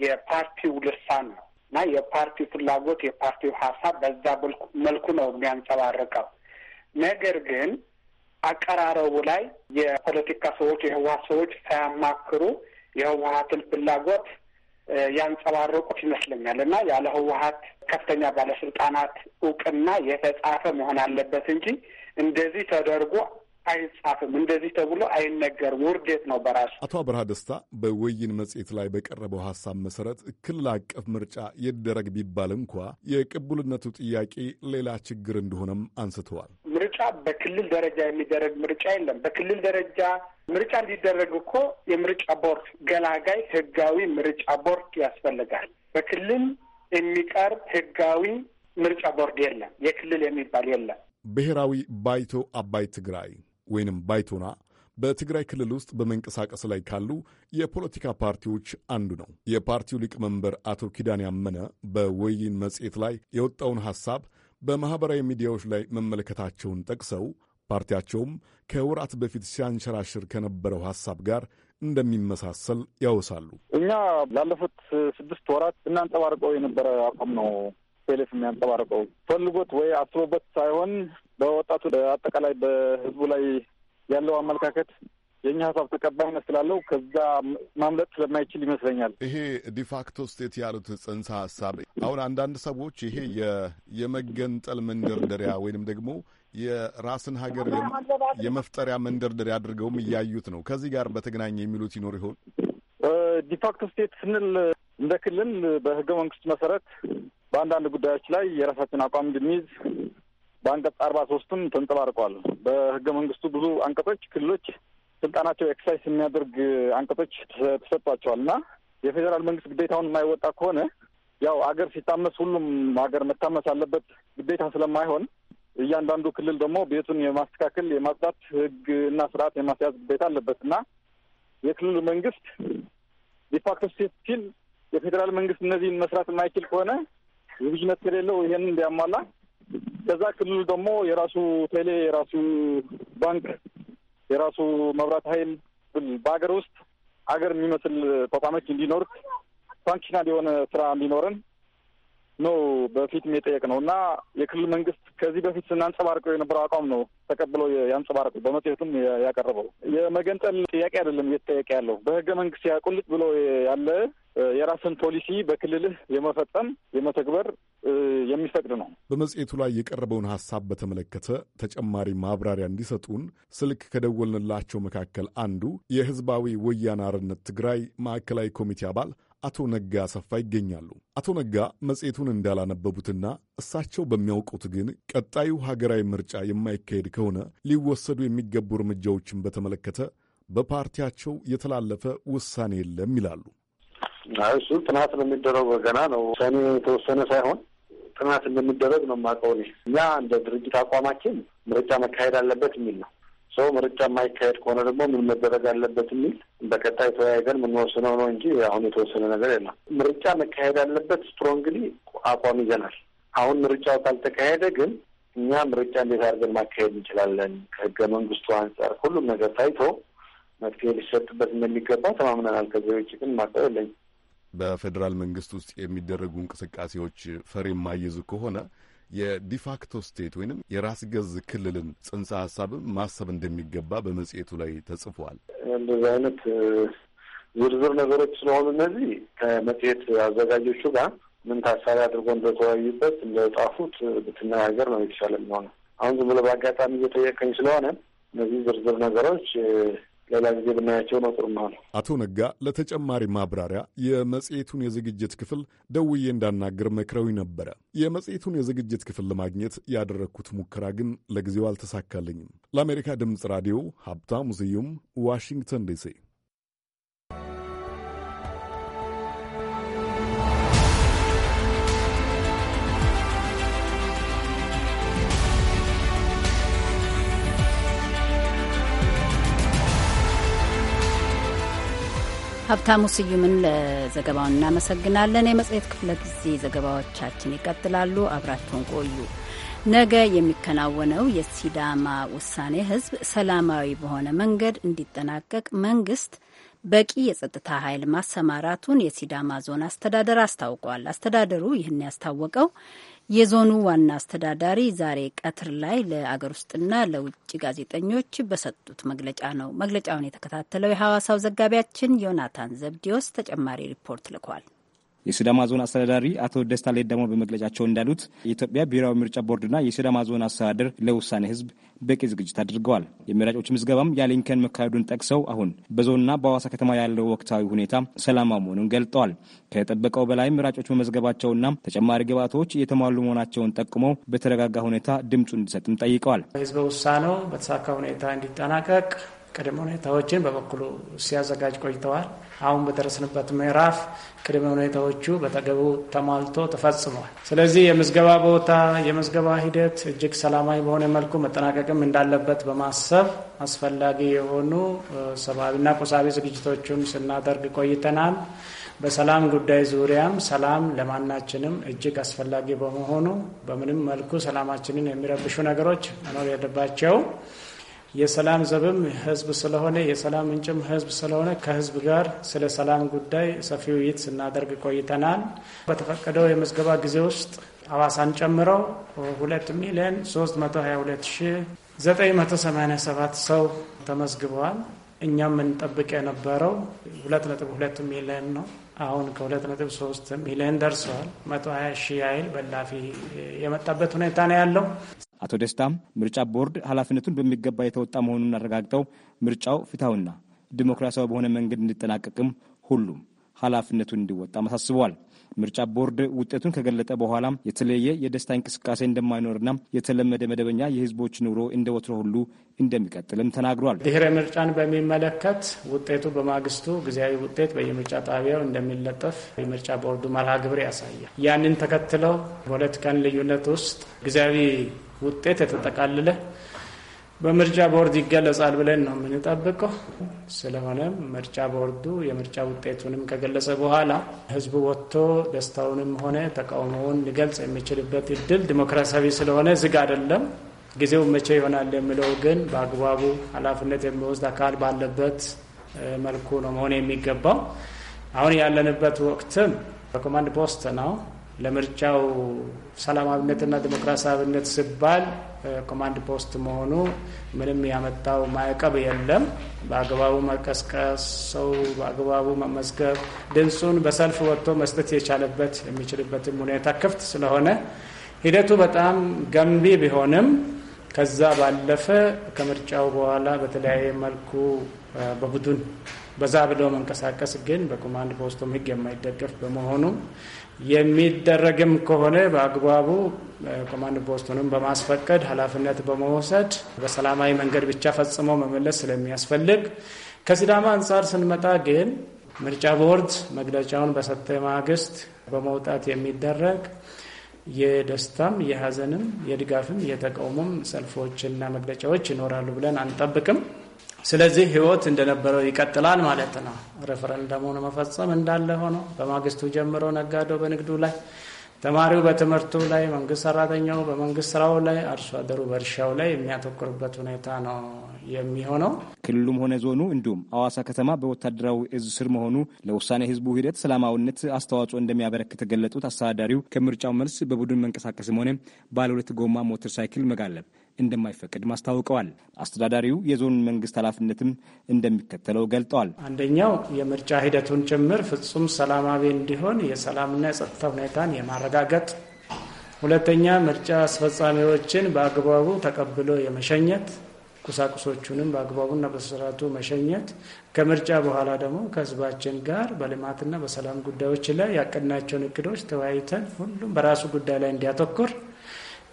Speaker 2: የፓርቲው ልሳን ነው እና የፓርቲው ፍላጎት የፓርቲው ሀሳብ በዛ መልኩ ነው የሚያንጸባርቀው። ነገር ግን አቀራረቡ ላይ የፖለቲካ ሰዎች የህወሀት ሰዎች ሳያማክሩ የህወሀትን ፍላጎት ያንጸባረቁት ይመስለኛል እና ያለ ህወሀት ከፍተኛ ባለስልጣናት እውቅና የተጻፈ መሆን አለበት እንጂ እንደዚህ ተደርጎ አይጻፍም። እንደዚህ ተብሎ አይነገርም። ውርደት ነው
Speaker 6: በራሱ። አቶ አብርሃ ደስታ በወይን መጽሔት ላይ በቀረበው ሀሳብ መሰረት ክልል አቀፍ ምርጫ ይደረግ ቢባል እንኳ የቅቡልነቱ ጥያቄ ሌላ ችግር እንደሆነም አንስተዋል።
Speaker 2: ምርጫ በክልል ደረጃ የሚደረግ ምርጫ የለም። በክልል ደረጃ ምርጫ እንዲደረግ እኮ የምርጫ ቦርድ ገላጋይ ህጋዊ ምርጫ ቦርድ ያስፈልጋል። በክልል የሚቀርብ ህጋዊ ምርጫ ቦርድ የለም። የክልል የሚባል የለም።
Speaker 6: ብሔራዊ ባይቶ አባይ ትግራይ ወይንም ባይቶና በትግራይ ክልል ውስጥ በመንቀሳቀስ ላይ ካሉ የፖለቲካ ፓርቲዎች አንዱ ነው። የፓርቲው ሊቀመንበር አቶ ኪዳን ያመነ በወይን መጽሔት ላይ የወጣውን ሐሳብ በማኅበራዊ ሚዲያዎች ላይ መመለከታቸውን ጠቅሰው ፓርቲያቸውም ከወራት በፊት ሲያንሸራሽር ከነበረው ሐሳብ ጋር እንደሚመሳሰል ያወሳሉ።
Speaker 2: እኛ ላለፉት ስድስት ወራት እናንጸባርቀው የነበረ አቋም ነው ኤስፔሌፍ የሚያንጸባርቀው ፈልጎት ወይ አስቦበት ሳይሆን በወጣቱ አጠቃላይ በህዝቡ ላይ ያለው አመለካከት የእኛ ሀሳብ ተቀባይነት
Speaker 6: ስላለው ከዛ ማምለጥ ስለማይችል ይመስለኛል። ይሄ ዲፋክቶ ስቴት ያሉት ጽንሰ ሀሳብ አሁን አንዳንድ ሰዎች ይሄ የመገንጠል መንደርደሪያ ወይንም ደግሞ የራስን ሀገር የመፍጠሪያ መንደርደሪያ አድርገውም እያዩት ነው። ከዚህ ጋር በተገናኘ የሚሉት ይኖር ይሆን?
Speaker 2: ዲፋክቶ ስቴት ስንል እንደ ክልል በህገ መንግስት መሰረት በአንዳንድ ጉዳዮች ላይ የራሳችን አቋም እንድንይዝ በአንቀጽ አርባ ሶስትም ተንጸባርቋል። በህገ መንግስቱ ብዙ አንቀጾች ክልሎች ስልጣናቸው ኤክሳይስ የሚያደርግ አንቀጾች ተሰጥቷቸዋል እና የፌዴራል መንግስት ግዴታውን የማይወጣ ከሆነ ያው አገር ሲታመስ ሁሉም ሀገር መታመስ አለበት ግዴታ ስለማይሆን እያንዳንዱ ክልል ደግሞ ቤቱን የማስተካከል የማጽዳት ህግ እና ስርዓት የማስያዝ ግዴታ አለበት እና የክልሉ መንግስት ዲፋክቶ ስቴት ሲል የፌዴራል መንግስት እነዚህን መስራት የማይችል ከሆነ ዝግጁነት ከሌለው ይሄን እንዲያሟላ ከዛ ክልሉ ደግሞ የራሱ ቴሌ፣ የራሱ ባንክ፣ የራሱ መብራት ኃይል በሀገር ውስጥ ሀገር የሚመስል ተቋሞች እንዲኖሩት ፋንክሽናል የሆነ ስራ እንዲኖረን ነው በፊት የጠየቅ ነው እና የክልል መንግስት ከዚህ በፊት ስናንጸባርቀው የነበረው አቋም ነው ተቀብለው ያንጸባርቀው በመጽሔቱም ያቀረበው የመገንጠል ጥያቄ አይደለም እየተጠየቀ ያለው በህገ መንግስት ያቁልጭ ብሎ ያለ የራስን ፖሊሲ በክልልህ የመፈጸም የመተግበር የሚፈቅድ ነው።
Speaker 6: በመጽሔቱ ላይ የቀረበውን ሀሳብ በተመለከተ ተጨማሪ ማብራሪያ እንዲሰጡን ስልክ ከደወልንላቸው መካከል አንዱ የህዝባዊ ወያነ ትግራይ ማዕከላዊ ኮሚቴ አባል አቶ ነጋ አሰፋ ይገኛሉ። አቶ ነጋ መጽሔቱን እንዳላነበቡትና እሳቸው በሚያውቁት ግን ቀጣዩ ሀገራዊ ምርጫ የማይካሄድ ከሆነ ሊወሰዱ የሚገቡ እርምጃዎችን በተመለከተ በፓርቲያቸው የተላለፈ ውሳኔ የለም ይላሉ።
Speaker 2: እሱ ጥናት በሚደረገው ገና ነው። ሰኔ የተወሰነ ሳይሆን ጥናት እንደሚደረግ ነው የማውቀው እኛ እንደ ድርጅት አቋማችን ምርጫ መካሄድ አለበት የሚል ነው። ሰው ምርጫ የማይካሄድ ከሆነ ደግሞ ምን መደረግ አለበት የሚል በቀጣይ ተወያይተን የምንወስነው ነው እንጂ አሁን የተወሰነ ነገር የለም። ምርጫ መካሄድ አለበት ስትሮንግሊ አቋም ይዘናል። አሁን ምርጫው ካልተካሄደ ግን እኛ ምርጫ እንዴት አድርገን ማካሄድ እንችላለን ከህገ መንግስቱ አንጻር ሁሉም ነገር ታይቶ መፍትሄ ሊሰጥበት እንደሚገባ ተማምነናል። ከዚያ ውጭ ግን ማቀብ የለኝም።
Speaker 6: በፌዴራል መንግስት ውስጥ የሚደረጉ እንቅስቃሴዎች ፈሬ የማይዙ ከሆነ የዲፋክቶ ስቴት ወይንም የራስ ገዝ ክልልን ጽንሰ ሀሳብም ማሰብ እንደሚገባ በመጽሔቱ ላይ ተጽፏል።
Speaker 7: እንደዚህ አይነት
Speaker 2: ዝርዝር ነገሮች ስለሆኑ እነዚህ ከመጽሔት አዘጋጆቹ ጋር ምን ታሳቢ አድርጎ እንደተወያዩበት እንደጻፉት ብትነጋገር ነው የተሻለ የሚሆነው። አሁን ዝም ብሎ በአጋጣሚ እየጠየቀኝ ስለሆነ እነዚህ ዝርዝር ነገሮች ሌላ ጊዜ ብናያቸው ነው ጥሩ
Speaker 6: ነው። አቶ ነጋ ለተጨማሪ ማብራሪያ የመጽሔቱን የዝግጅት ክፍል ደውዬ እንዳናገር መክረው ነበረ። የመጽሔቱን የዝግጅት ክፍል ለማግኘት ያደረግኩት ሙከራ ግን ለጊዜው አልተሳካልኝም። ለአሜሪካ ድምፅ ራዲዮ ሀብታሙ ስዩም ዋሽንግተን ዲሲ
Speaker 4: ሀብታሙ ስዩምን ለዘገባውን እናመሰግናለን። የመጽሔት ክፍለ ጊዜ ዘገባዎቻችን ይቀጥላሉ። አብራችሁን ቆዩ። ነገ የሚከናወነው የሲዳማ ውሳኔ ህዝብ ሰላማዊ በሆነ መንገድ እንዲጠናቀቅ መንግስት በቂ የጸጥታ ኃይል ማሰማራቱን የሲዳማ ዞን አስተዳደር አስታውቋል። አስተዳደሩ ይህን ያስታወቀው የዞኑ ዋና አስተዳዳሪ ዛሬ ቀትር ላይ ለአገር ውስጥና ለውጭ ጋዜጠኞች በሰጡት መግለጫ ነው። መግለጫውን የተከታተለው የሐዋሳው ዘጋቢያችን ዮናታን ዘብዲዮስ ተጨማሪ ሪፖርት ልኳል።
Speaker 8: የሲዳማ ዞን አስተዳዳሪ አቶ ደስታ ደግሞ በመግለጫቸው እንዳሉት የኢትዮጵያ ብሔራዊ ምርጫ ቦርድና የሲዳማ ዞን አስተዳደር ለውሳኔ ህዝብ በቂ ዝግጅት አድርገዋል። የመራጮች ምዝገባም ያሊንከን መካሄዱን ጠቅሰው አሁን በዞንና በአዋሳ ከተማ ያለው ወቅታዊ ሁኔታ ሰላማ መሆኑን ገልጠዋል። ከጠበቀው በላይ መራጮች መመዝገባቸውና ተጨማሪ ግብዓቶች የተሟሉ መሆናቸውን ጠቁመው በተረጋጋ ሁኔታ ድምፁ እንዲሰጥም ጠይቀዋል።
Speaker 9: ህዝበ ውሳኔው በተሳካ ሁኔታ እንዲጠናቀቅ ቅድመ ሁኔታዎችን በበኩሉ ሲያዘጋጅ ቆይተዋል። አሁን በደረስንበት ምዕራፍ ቅድመ ሁኔታዎቹ በተገቢው ተሟልቶ ተፈጽሟል። ስለዚህ የምዝገባ ቦታ የምዝገባ ሂደት እጅግ ሰላማዊ በሆነ መልኩ መጠናቀቅም እንዳለበት በማሰብ አስፈላጊ የሆኑ ሰብአዊና ቁሳዊ ዝግጅቶችን ስናደርግ ቆይተናል። በሰላም ጉዳይ ዙሪያም ሰላም ለማናችንም እጅግ አስፈላጊ በመሆኑ በምንም መልኩ ሰላማችንን የሚረብሹ ነገሮች መኖር የለባቸውም። የሰላም ዘብም ህዝብ ስለሆነ የሰላም ምንጭም ህዝብ ስለሆነ ከህዝብ ጋር ስለ ሰላም ጉዳይ ሰፊ ውይይት ስናደርግ ቆይተናል። በተፈቀደው የምዝገባ ጊዜ ውስጥ አዋሳን ጨምሮ ሁለት ሚሊዮን 322987 ሰው ተመዝግበዋል። እኛም የምንጠብቅ የነበረው 2.2 ሚሊዮን ነው። አሁን ከ 23 ሚሊዮን ደርሰዋል።
Speaker 8: መቶ ሺህ ያህል በላፊ የመጣበት ሁኔታ ነው ያለው። አቶ ደስታም ምርጫ ቦርድ ኃላፊነቱን በሚገባ የተወጣ መሆኑን አረጋግጠው ምርጫው ፍትሐዊና ዲሞክራሲያዊ በሆነ መንገድ እንዲጠናቀቅም ሁሉም ኃላፊነቱን እንዲወጣ አሳስበዋል። ምርጫ ቦርድ ውጤቱን ከገለጠ በኋላ የተለየ የደስታ እንቅስቃሴ እንደማይኖርና የተለመደ መደበኛ የህዝቦች ኑሮ እንደ ወትሮ ሁሉ እንደሚቀጥልም ተናግሯል። ብሔራዊ ምርጫን በሚመለከት ውጤቱ
Speaker 9: በማግስቱ ጊዜያዊ ውጤት በየምርጫ ጣቢያው እንደሚለጠፍ የምርጫ ቦርዱ መርሃ ግብር ያሳያል። ያንን ተከትለው ፖለቲካን ልዩነት ውስጥ ጊዜያዊ ውጤት የተጠቃልለ በምርጫ ቦርድ ይገለጻል ብለን ነው የምንጠብቀው። ስለሆነም ምርጫ ቦርዱ የምርጫ ውጤቱንም ከገለጸ በኋላ ህዝቡ ወጥቶ ደስታውንም ሆነ ተቃውሞውን ሊገልጽ የሚችልበት እድል ዲሞክራሲያዊ ስለሆነ ዝግ አይደለም። ጊዜው መቼ ይሆናል የሚለው ግን በአግባቡ ኃላፊነት የሚወስድ አካል ባለበት መልኩ ነው መሆን የሚገባው። አሁን ያለንበት ወቅትም በኮማንድ ፖስት ነው። ለምርጫው ሰላማዊነትና ዲሞክራሲያዊነት ሲባል ኮማንድ ፖስት መሆኑ ምንም ያመጣው ማዕቀብ የለም። በአግባቡ መቀስቀስ፣ ሰው በአግባቡ መመዝገብ፣ ድምፁን በሰልፍ ወጥቶ መስጠት የቻለበት የሚችልበትም ሁኔታ ክፍት ስለሆነ ሂደቱ በጣም ገንቢ ቢሆንም ከዛ ባለፈ ከምርጫው በኋላ በተለያየ መልኩ በቡድን በዛ ብሎ መንቀሳቀስ ግን በኮማንድ ፖስቱም ህግ የማይደገፍ በመሆኑ የሚደረግም ከሆነ በአግባቡ ኮማንድ ፖስቱንም በማስፈቀድ ኃላፊነት በመውሰድ በሰላማዊ መንገድ ብቻ ፈጽሞ መመለስ ስለሚያስፈልግ ከሲዳማ አንጻር ስንመጣ ግን ምርጫ ቦርድ መግለጫውን በሰጠ ማግስት በመውጣት የሚደረግ የደስታም የሀዘንም የድጋፍም የተቃውሞም ሰልፎችና መግለጫዎች ይኖራሉ ብለን አንጠብቅም። ስለዚህ ህይወት እንደነበረው ይቀጥላል ማለት ነው። ሬፈረንደሙን መፈጸም እንዳለ ሆኖ በማግስቱ ጀምሮ ነጋዴው በንግዱ ላይ፣ ተማሪው በትምህርቱ ላይ፣ መንግስት ሰራተኛው በመንግስት ስራው ላይ፣ አርሶ አደሩ በእርሻው ላይ የሚያተኩርበት ሁኔታ ነው የሚሆነው።
Speaker 8: ክልሉም ሆነ ዞኑ እንዲሁም አዋሳ ከተማ በወታደራዊ እዝ ስር መሆኑ ለውሳኔ ህዝቡ ሂደት ሰላማዊነት አስተዋጽኦ እንደሚያበረክት የገለጡት አስተዳዳሪው ከምርጫው መልስ በቡድን መንቀሳቀስም ሆነ ሁለት ጎማ ሞተር ሳይክል መጋለብ እንደማይፈቅድ ማስታውቀዋል። አስተዳዳሪው የዞን መንግስት ኃላፊነትም እንደሚከተለው ገልጠዋል። አንደኛው የምርጫ ሂደቱን ጭምር ፍጹም ሰላማዊ እንዲሆን የሰላምና የጸጥታ ሁኔታን
Speaker 9: የማረጋገጥ ሁለተኛ፣ ምርጫ አስፈጻሚዎችን በአግባቡ ተቀብሎ የመሸኘት ቁሳቁሶቹንም በአግባቡና በስርዓቱ መሸኘት፣ ከምርጫ በኋላ ደግሞ ከህዝባችን ጋር በልማትና በሰላም ጉዳዮች ላይ ያቀድናቸውን እቅዶች ተወያይተን ሁሉም በራሱ ጉዳይ ላይ እንዲያተኩር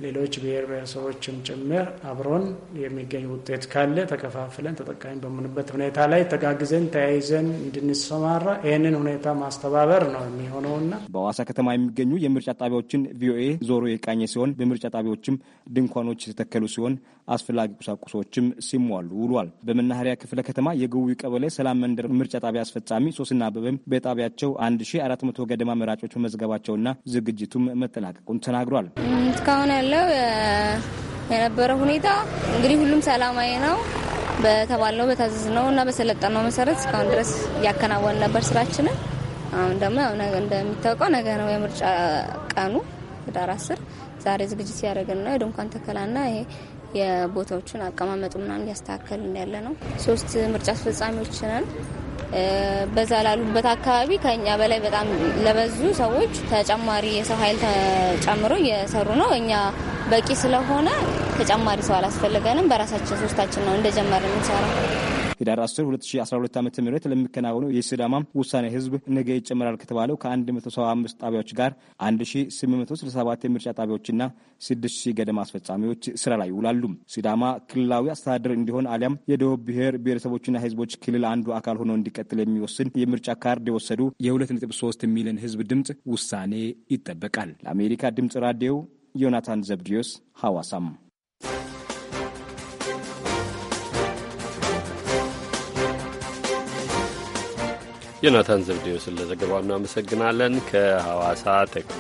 Speaker 9: ሌሎች ብሔር ብሔረሰቦችም ጭምር አብሮን የሚገኝ ውጤት ካለ ተከፋፍለን ተጠቃሚ በምንበት ሁኔታ ላይ ተጋግዘን ተያይዘን እንድንሰማራ ይህንን ሁኔታ ማስተባበር ነው የሚሆነውና
Speaker 8: በሐዋሳ ከተማ የሚገኙ የምርጫ ጣቢያዎችን ቪኦኤ ዞሮ የቃኘ ሲሆን በምርጫ ጣቢያዎችም ድንኳኖች የተተከሉ ሲሆን አስፈላጊ ቁሳቁሶችም ሲሟሉ ውሏል። በመናኸሪያ ክፍለ ከተማ የግዊ ቀበሌ ሰላም መንደር ምርጫ ጣቢያ አስፈጻሚ ሶስና አበበም በጣቢያቸው 1400 ገደማ መራጮች መዝገባቸውና ዝግጅቱም መጠናቀቁን ተናግሯል።
Speaker 4: እስካሁን ያለው የነበረው ሁኔታ እንግዲህ ሁሉም ሰላማዊ ነው። በተባለው ነው እና በሰለጠነው መሰረት እስካሁን ድረስ እያከናወን ነበር ስራችንን። አሁን ደግሞ እንደሚታወቀው ነገ ነው የምርጫ ቀኑ ህዳር አስር ዛሬ ዝግጅት ያደረግን ነው የድንኳን ተከላና ይሄ የቦታዎችን አቀማመጡ ምናምን ያስተካከል እንዳለ ነው። ሶስት ምርጫ አስፈጻሚዎች ነን። በዛ ላሉበት አካባቢ ከኛ በላይ በጣም ለበዙ ሰዎች ተጨማሪ የሰው ኃይል ተጨምሮ እየሰሩ ነው። እኛ በቂ ስለሆነ ተጨማሪ ሰው አላስፈለገንም። በራሳችን ሶስታችን ነው እንደጀመረ የምንሰራው።
Speaker 8: ህዳር 10 2012 ዓ ም ለሚከናወነው የሲዳማ ውሳኔ ህዝብ ነገ ይጨምራል ከተባለው ከ175 ጣቢያዎች ጋር 1867 የምርጫ ጣቢያዎችና 6000 ገደማ አስፈጻሚዎች ስራ ላይ ይውላሉ። ሲዳማ ክልላዊ አስተዳደር እንዲሆን አሊያም የደቡብ ብሔር ብሔረሰቦችና ህዝቦች ክልል አንዱ አካል ሆኖ እንዲቀጥል የሚወስን የምርጫ ካርድ የወሰዱ የ2.3 ሚሊዮን ህዝብ ድምፅ ውሳኔ ይጠበቃል። ለአሜሪካ ድምፅ ራዲዮ ዮናታን ዘብዲዮስ ሐዋሳም
Speaker 1: ዮናታን ዘብዴዎስን ለዘገባው እናመሰግናለን። ከሐዋሳ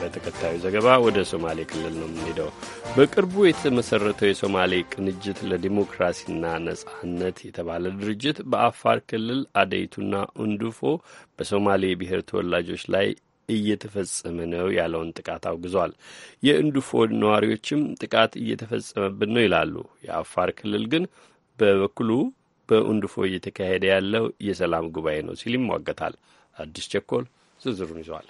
Speaker 1: በተከታዩ ዘገባ ወደ ሶማሌ ክልል ነው የምንሄደው። በቅርቡ የተመሰረተው የሶማሌ ቅንጅት ለዲሞክራሲና ነጻነት የተባለ ድርጅት በአፋር ክልል አደይቱና ኡንዱፎ በሶማሌ ብሔር ተወላጆች ላይ እየተፈጸመ ነው ያለውን ጥቃት አውግዟል። የእንዱፎ ነዋሪዎችም ጥቃት እየተፈጸመብን ነው ይላሉ። የአፋር ክልል ግን በበኩሉ በኡንድፎ እየተካሄደ ያለው የሰላም ጉባኤ
Speaker 10: ነው ሲል ይሟገታል። አዲስ ቸኮል ዝርዝሩን ይዘዋል።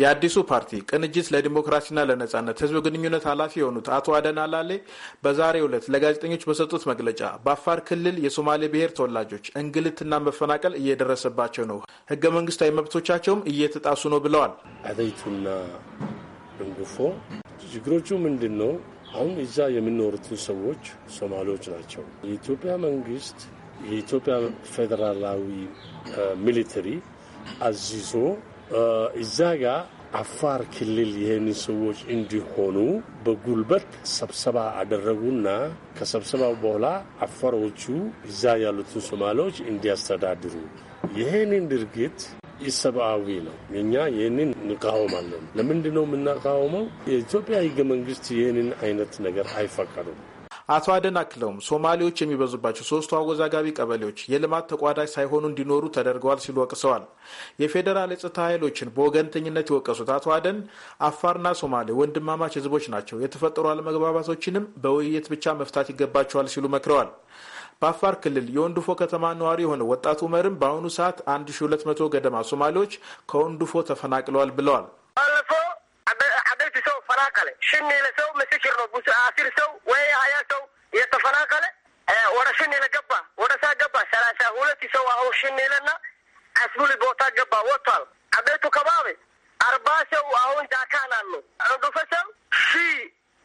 Speaker 10: የአዲሱ ፓርቲ ቅንጅት ለዲሞክራሲና ለነጻነት ህዝብ ግንኙነት ኃላፊ የሆኑት አቶ አደን አላሌ በዛሬ ዕለት ለጋዜጠኞች በሰጡት መግለጫ በአፋር ክልል የሶማሌ ብሔር ተወላጆች እንግልትና መፈናቀል እየደረሰባቸው ነው፣ ህገ መንግስታዊ መብቶቻቸውም እየተጣሱ ነው ብለዋል። አዘይቱና እንጉፎ ችግሮቹ ምንድን ነው? አሁን እዛ የሚኖሩትን ሰዎች
Speaker 1: ሶማሌዎች ናቸው። የኢትዮጵያ መንግስት የኢትዮጵያ ፌዴራላዊ ሚሊተሪ አዚዞ እዛ ጋር አፋር ክልል ይህን ሰዎች እንዲሆኑ በጉልበት ሰብሰባ አደረጉና ከሰብሰባው በኋላ አፋሮቹ እዛ ያሉትን ሶማሌዎች እንዲያስተዳድሩ ይህንን ድርጊት ኢሰብአዊ ነው። እኛ ይህንን እንቃወማለን። ለምንድ ነው
Speaker 10: የምናቃወመው? የኢትዮጵያ ህገ መንግስት ይህንን አይነት ነገር አይፈቀዱም። አቶ አደን አክለውም ሶማሌዎች የሚበዙባቸው ሶስቱ አወዛጋቢ ቀበሌዎች የልማት ተቋዳጅ ሳይሆኑ እንዲኖሩ ተደርገዋል ሲሉ ወቅሰዋል። የፌዴራል የጸጥታ ኃይሎችን በወገንተኝነት የወቀሱት አቶ አደን አፋርና ሶማሌ ወንድማማች ህዝቦች ናቸው፣ የተፈጠሩ አለመግባባቶችንም በውይይት ብቻ መፍታት ይገባቸዋል ሲሉ መክረዋል። በአፋር ክልል የወንድፎ ከተማ ነዋሪ የሆነው ወጣት ኡመርም በአሁኑ ሰዓት 1200 ገደማ ሶማሌዎች ከወንድፎ ተፈናቅለዋል ብለዋል።
Speaker 11: ሰው ፈናቀለ ሰው ነው። አስር ሰው ወይ ሀያ ሰው የተፈናቀለ ወደ ገባ፣ ወደ ሳ ገባ ሰላሳ ሁለት ሰው አስቡል ቦታ ገባ ወጥቷል። አቤቱ ከባቢ አርባ ሰው አሁን ዳካን አሉ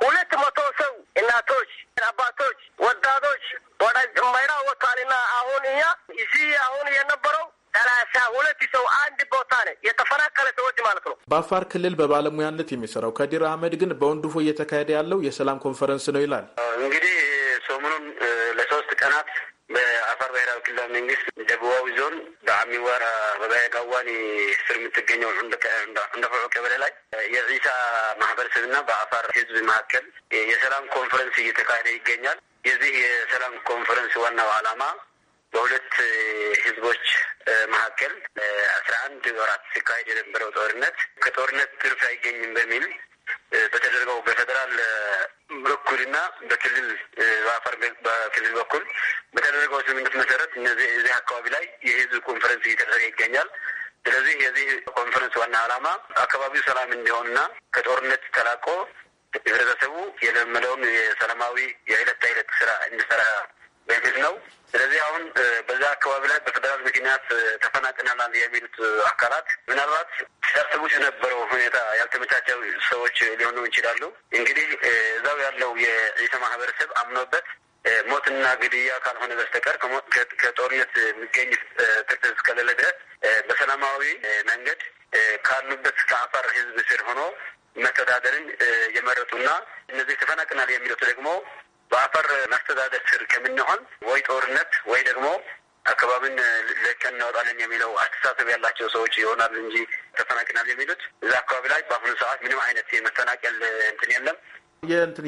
Speaker 11: ሁለት መቶ ሰው እናቶች፣ አባቶች፣ ወጣቶች ወደ ጅማይራ ወጥቷልና አሁን እኛ እዚህ አሁን የነበረው ሰላሳ ሁለት ሰው አንድ ቦታ ነ የተፈናቀለ
Speaker 10: ሰዎች ማለት ነው። በአፋር ክልል በባለሙያነት የሚሰራው ከዲር አህመድ ግን በወንድፎ እየተካሄደ ያለው የሰላም ኮንፈረንስ ነው ይላል።
Speaker 11: እንግዲህ ሰሞኑን ለሶስት ቀናት በአፋር ብሔራዊ ክልላዊ መንግስት ደቡባዊ ዞን በአሚ ወራ ጋዋኒ ስር የምትገኘው እንደፈዑ ቀበሌ ላይ የዒሳ ማህበረሰብና በአፋር ህዝብ መካከል የሰላም ኮንፈረንስ እየተካሄደ ይገኛል። የዚህ የሰላም ኮንፈረንስ ዋናው ዓላማ በሁለት ህዝቦች መካከል አስራ አንድ ወራት ሲካሄድ የነበረው ጦርነት ከጦርነት ትርፍ አይገኝም በሚል በተደረገው በፌዴራል በኩልና በክልል በአፋር በክልል በኩል በተደረገው ስምምነት መሰረት እነዚህ እዚህ አካባቢ ላይ የህዝብ ኮንፈረንስ እየተደረገ ይገኛል። ስለዚህ የዚህ ኮንፈረንስ ዋና ዓላማ አካባቢው ሰላም እንዲሆንና ከጦርነት ተላቆ ህብረተሰቡ የለመደውን የሰላማዊ የዕለት ተዕለት ስራ እንዲሰራ በሚል ነው። ስለዚህ አሁን በዛ አካባቢ ላይ በፌደራል ምክንያት ተፈናቅናል የሚሉት አካላት ምናልባት ሲያስቡት የነበረው ሁኔታ ያልተመቻቸው ሰዎች ሊሆኑ ይችላሉ። እንግዲህ እዛው ያለው የኢሰ ማህበረሰብ አምኖበት ሞትና ግድያ ካልሆነ በስተቀር ከጦርነት የሚገኝ ትርፍ እስከሌለ ድረስ በሰላማዊ መንገድ ካሉበት ከአፋር ሕዝብ ስር ሆኖ መተዳደርን የመረጡና እነዚህ ተፈናቅናል የሚሉት ደግሞ በአፈር ማስተዳደር ስር ከምንሆን ወይ ጦርነት ወይ ደግሞ አካባቢን ለቀን እናወጣለን የሚለው አስተሳሰብ ያላቸው ሰዎች ይሆናል እንጂ ተፈናቅናል የሚሉት እዛ አካባቢ ላይ በአሁኑ ሰዓት ምንም አይነት የመፈናቀል
Speaker 10: እንትን የለም።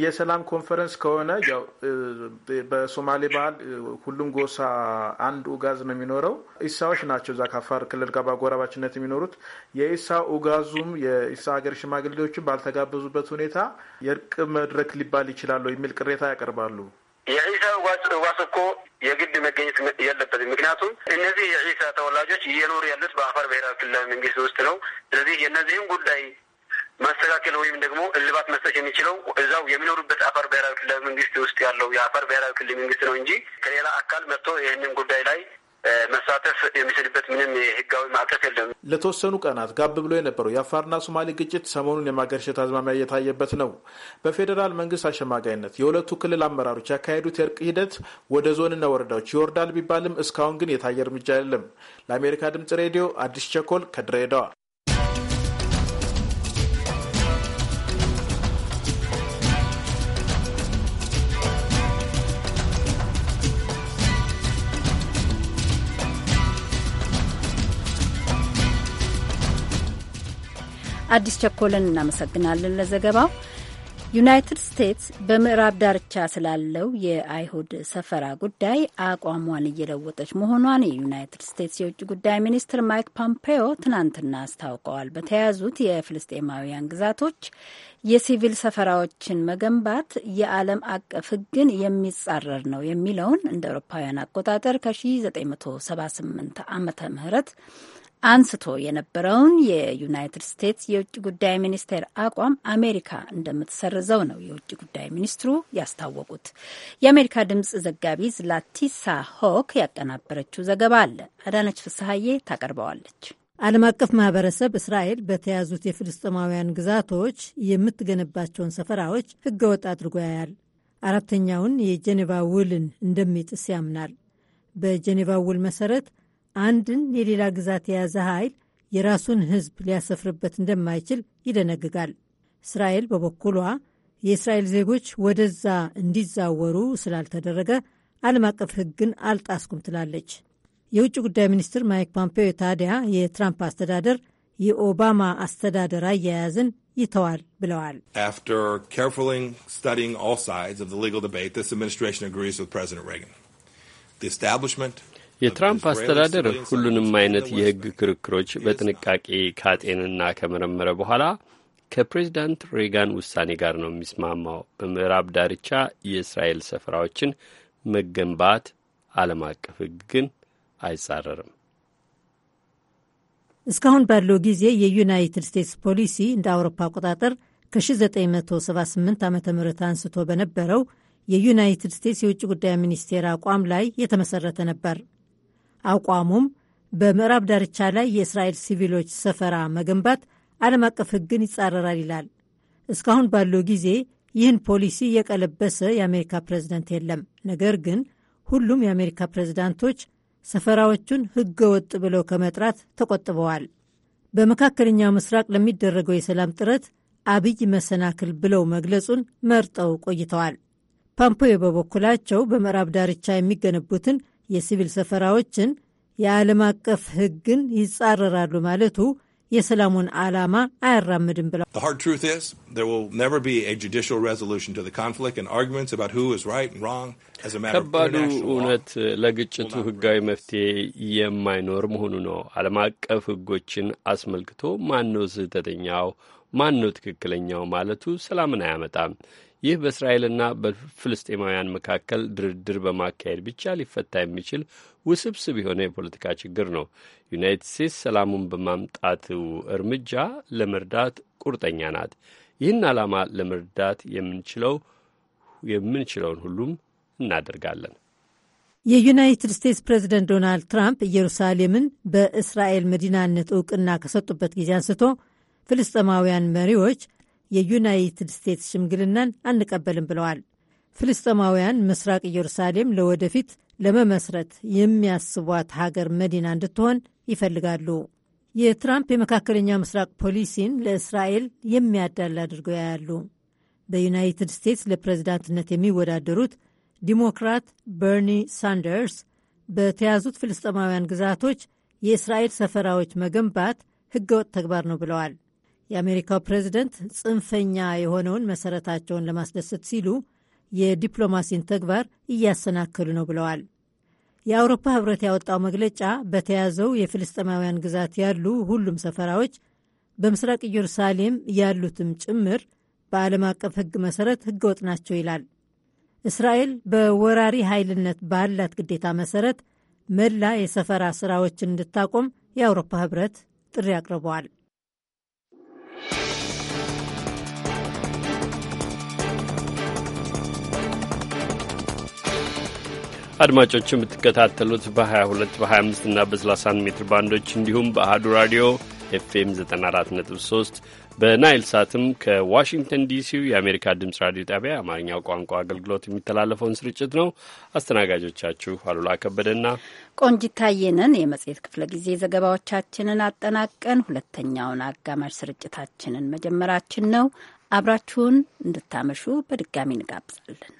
Speaker 10: የሰላም ኮንፈረንስ ከሆነ ያው በሶማሌ ባህል ሁሉም ጎሳ አንድ ኡጋዝ ነው የሚኖረው። ኢሳዎች ናቸው እዛ ከአፋር ክልል ጋር በአጎራባችነት የሚኖሩት። የኢሳ ኡጋዙም የኢሳ ሀገር ሽማግሌዎችም ባልተጋበዙበት ሁኔታ የእርቅ መድረክ ሊባል ይችላሉ የሚል ቅሬታ ያቀርባሉ።
Speaker 11: የኢሳ ኡጋዝ እኮ የግድ መገኘት የለበትም። ምክንያቱም እነዚህ የኢሳ ተወላጆች እየኖሩ ያሉት በአፋር ብሔራዊ ክልላዊ መንግስት ውስጥ ነው። ስለዚህ የእነዚህም ጉዳይ ማስተካከል ወይም ደግሞ እልባት መስጠት የሚችለው እዛው የሚኖሩበት አፋር ብሔራዊ ክልል መንግስት ውስጥ ያለው የአፋር ብሔራዊ ክልል መንግስት ነው እንጂ ከሌላ አካል መጥቶ ይህንን ጉዳይ ላይ መሳተፍ የሚችልበት ምንም
Speaker 10: ህጋዊ ማዕቀፍ የለም። ለተወሰኑ ቀናት ጋብ ብሎ የነበረው የአፋርና ሶማሌ ግጭት ሰሞኑን የማገርሸት አዝማሚያ እየታየበት ነው። በፌዴራል መንግስት አሸማጋይነት የሁለቱ ክልል አመራሮች ያካሄዱት የእርቅ ሂደት ወደ ዞንና ወረዳዎች ይወርዳል ቢባልም እስካሁን ግን የታየ እርምጃ የለም። ለአሜሪካ ድምጽ ሬዲዮ አዲስ ቸኮል ከድሬዳዋ
Speaker 4: አዲስ ቸኮለን እናመሰግናለን ለዘገባው። ዩናይትድ ስቴትስ በምዕራብ ዳርቻ ስላለው የአይሁድ ሰፈራ ጉዳይ አቋሟን እየለወጠች መሆኗን የዩናይትድ ስቴትስ የውጭ ጉዳይ ሚኒስትር ማይክ ፖምፔዮ ትናንትና አስታውቀዋል። በተያያዙት የፍልስጤማውያን ግዛቶች የሲቪል ሰፈራዎችን መገንባት የዓለም አቀፍ ሕግን የሚጻረር ነው የሚለውን እንደ አውሮፓውያን አቆጣጠር ከ1978 ዓመተ ምህረት አንስቶ የነበረውን የዩናይትድ ስቴትስ የውጭ ጉዳይ ሚኒስቴር አቋም አሜሪካ እንደምትሰርዘው ነው የውጭ ጉዳይ ሚኒስትሩ ያስታወቁት። የአሜሪካ ድምፅ ዘጋቢ ዝላቲሳ ሆክ ያቀናበረችው ዘገባ አለ። አዳነች ፍስሐዬ
Speaker 12: ታቀርበዋለች። ዓለም አቀፍ ማህበረሰብ እስራኤል በተያዙት የፍልስጥማውያን ግዛቶች የምትገነባቸውን ሰፈራዎች ህገወጥ አድርጎ ያያል፣ አራተኛውን የጄኔቫ ውልን እንደሚጥስ ያምናል። በጄኔቫ ውል መሰረት አንድን የሌላ ግዛት የያዘ ኃይል የራሱን ሕዝብ ሊያሰፍርበት እንደማይችል ይደነግጋል። እስራኤል በበኩሏ የእስራኤል ዜጎች ወደዛ እንዲዛወሩ ስላልተደረገ ዓለም አቀፍ ሕግን አልጣስኩም ትላለች። የውጭ ጉዳይ ሚኒስትር ማይክ ፖምፔዮ ታዲያ የትራምፕ አስተዳደር የኦባማ አስተዳደር አያያዝን ይተዋል ብለዋል።
Speaker 13: የትራምፕ አስተዳደር
Speaker 1: ሁሉንም አይነት የህግ ክርክሮች በጥንቃቄ ካጤንና ከመረመረ በኋላ ከፕሬዚዳንት ሬጋን ውሳኔ ጋር ነው የሚስማማው። በምዕራብ ዳርቻ የእስራኤል ሰፈራዎችን መገንባት ዓለም አቀፍ ህግ ግን አይጻረርም።
Speaker 12: እስካሁን ባለው ጊዜ የዩናይትድ ስቴትስ ፖሊሲ እንደ አውሮፓ አቆጣጠር ከ1978 ዓ ም አንስቶ በነበረው የዩናይትድ ስቴትስ የውጭ ጉዳይ ሚኒስቴር አቋም ላይ የተመሰረተ ነበር። አቋሙም በምዕራብ ዳርቻ ላይ የእስራኤል ሲቪሎች ሰፈራ መገንባት ዓለም አቀፍ ሕግን ይጻረራል ይላል። እስካሁን ባለው ጊዜ ይህን ፖሊሲ የቀለበሰ የአሜሪካ ፕሬዝደንት የለም። ነገር ግን ሁሉም የአሜሪካ ፕሬዝዳንቶች ሰፈራዎቹን ሕገ ወጥ ብለው ከመጥራት ተቆጥበዋል። በመካከለኛው ምስራቅ ለሚደረገው የሰላም ጥረት አብይ መሰናክል ብለው መግለጹን መርጠው ቆይተዋል። ፓምፖዮ በበኩላቸው በምዕራብ ዳርቻ የሚገነቡትን የሲቪል ሰፈራዎችን የዓለም አቀፍ ሕግን ይጻረራሉ ማለቱ የሰላሙን ዓላማ አያራምድም ብለዋል።
Speaker 13: ከባዱ
Speaker 1: እውነት ለግጭቱ ሕጋዊ መፍትሄ የማይኖር መሆኑ ነው። ዓለም አቀፍ ሕጎችን አስመልክቶ ማን ነው ስህተተኛው፣ ማን ነው ትክክለኛው ማለቱ ሰላምን አያመጣም። ይህ በእስራኤልና በፍልስጤማውያን መካከል ድርድር በማካሄድ ብቻ ሊፈታ የሚችል ውስብስብ የሆነ የፖለቲካ ችግር ነው። ዩናይትድ ስቴትስ ሰላሙን በማምጣቱ እርምጃ ለመርዳት ቁርጠኛ ናት። ይህን ዓላማ ለመርዳት የምንችለው የምንችለውን ሁሉም እናደርጋለን።
Speaker 12: የዩናይትድ ስቴትስ ፕሬዚደንት ዶናልድ ትራምፕ ኢየሩሳሌምን በእስራኤል መዲናነት እውቅና ከሰጡበት ጊዜ አንስቶ ፍልስጤማውያን መሪዎች የዩናይትድ ስቴትስ ሽምግልናን አንቀበልም ብለዋል። ፍልስጤማውያን ምስራቅ ኢየሩሳሌም ለወደፊት ለመመስረት የሚያስቧት ሀገር መዲና እንድትሆን ይፈልጋሉ። የትራምፕ የመካከለኛ ምስራቅ ፖሊሲን ለእስራኤል የሚያዳል አድርገው ያያሉ። በዩናይትድ ስቴትስ ለፕሬዝዳንትነት የሚወዳደሩት ዲሞክራት በርኒ ሳንደርስ በተያዙት ፍልስጤማውያን ግዛቶች የእስራኤል ሰፈራዎች መገንባት ሕገወጥ ተግባር ነው ብለዋል። የአሜሪካው ፕሬዝደንት ጽንፈኛ የሆነውን መሰረታቸውን ለማስደሰት ሲሉ የዲፕሎማሲን ተግባር እያሰናከሉ ነው ብለዋል። የአውሮፓ ህብረት ያወጣው መግለጫ በተያዘው የፍልስጤማውያን ግዛት ያሉ ሁሉም ሰፈራዎች በምስራቅ ኢየሩሳሌም ያሉትም ጭምር በዓለም አቀፍ ህግ መሰረት ህገወጥ ናቸው ይላል። እስራኤል በወራሪ ኃይልነት ባላት ግዴታ መሰረት መላ የሰፈራ ስራዎችን እንድታቆም የአውሮፓ ህብረት ጥሪ አቅርበዋል።
Speaker 1: አድማጮች የምትከታተሉት በ22 በ25 እና በ31 ሜትር ባንዶች እንዲሁም በአህዱ ራዲዮ ኤፍኤም 94.3 በናይል ሳትም ከዋሽንግተን ዲሲው የአሜሪካ ድምፅ ራዲዮ ጣቢያ የአማርኛው ቋንቋ አገልግሎት የሚተላለፈውን ስርጭት ነው። አስተናጋጆቻችሁ አሉላ ከበደና
Speaker 4: ቆንጂት የመጽሔት ክፍለ ጊዜ ዘገባዎቻችንን አጠናቀን ሁለተኛውን አጋማሽ ስርጭታችንን መጀመራችን ነው። አብራችሁን እንድታመሹ በድጋሚ እንጋብዛለን።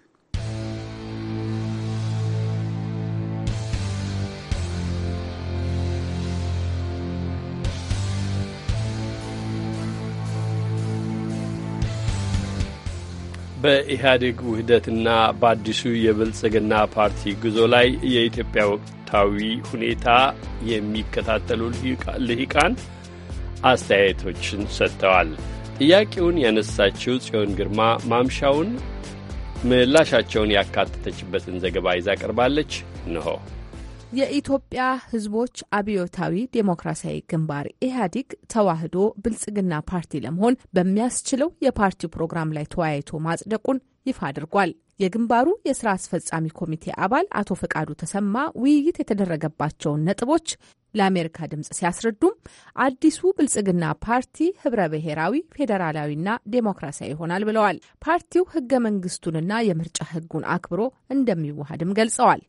Speaker 1: በኢህአዴግ ውህደትና በአዲሱ የብልጽግና ፓርቲ ጉዞ ላይ የኢትዮጵያ ወቅታዊ ሁኔታ የሚከታተሉ ልሂቃን አስተያየቶችን ሰጥተዋል። ጥያቄውን ያነሳችው ጽዮን ግርማ ማምሻውን ምላሻቸውን ያካተተችበትን ዘገባ ይዛ ቀርባለች። እንሆ
Speaker 13: የኢትዮጵያ ሕዝቦች አብዮታዊ ዴሞክራሲያዊ ግንባር ኢህአዲግ ተዋህዶ ብልጽግና ፓርቲ ለመሆን በሚያስችለው የፓርቲው ፕሮግራም ላይ ተወያይቶ ማጽደቁን ይፋ አድርጓል። የግንባሩ የስራ አስፈጻሚ ኮሚቴ አባል አቶ ፈቃዱ ተሰማ ውይይት የተደረገባቸውን ነጥቦች ለአሜሪካ ድምጽ ሲያስረዱም አዲሱ ብልጽግና ፓርቲ ህብረ ብሔራዊ ፌዴራላዊና ዴሞክራሲያዊ ይሆናል ብለዋል። ፓርቲው ህገ መንግስቱንና የምርጫ ህጉን አክብሮ እንደሚዋሃድም ገልጸዋል።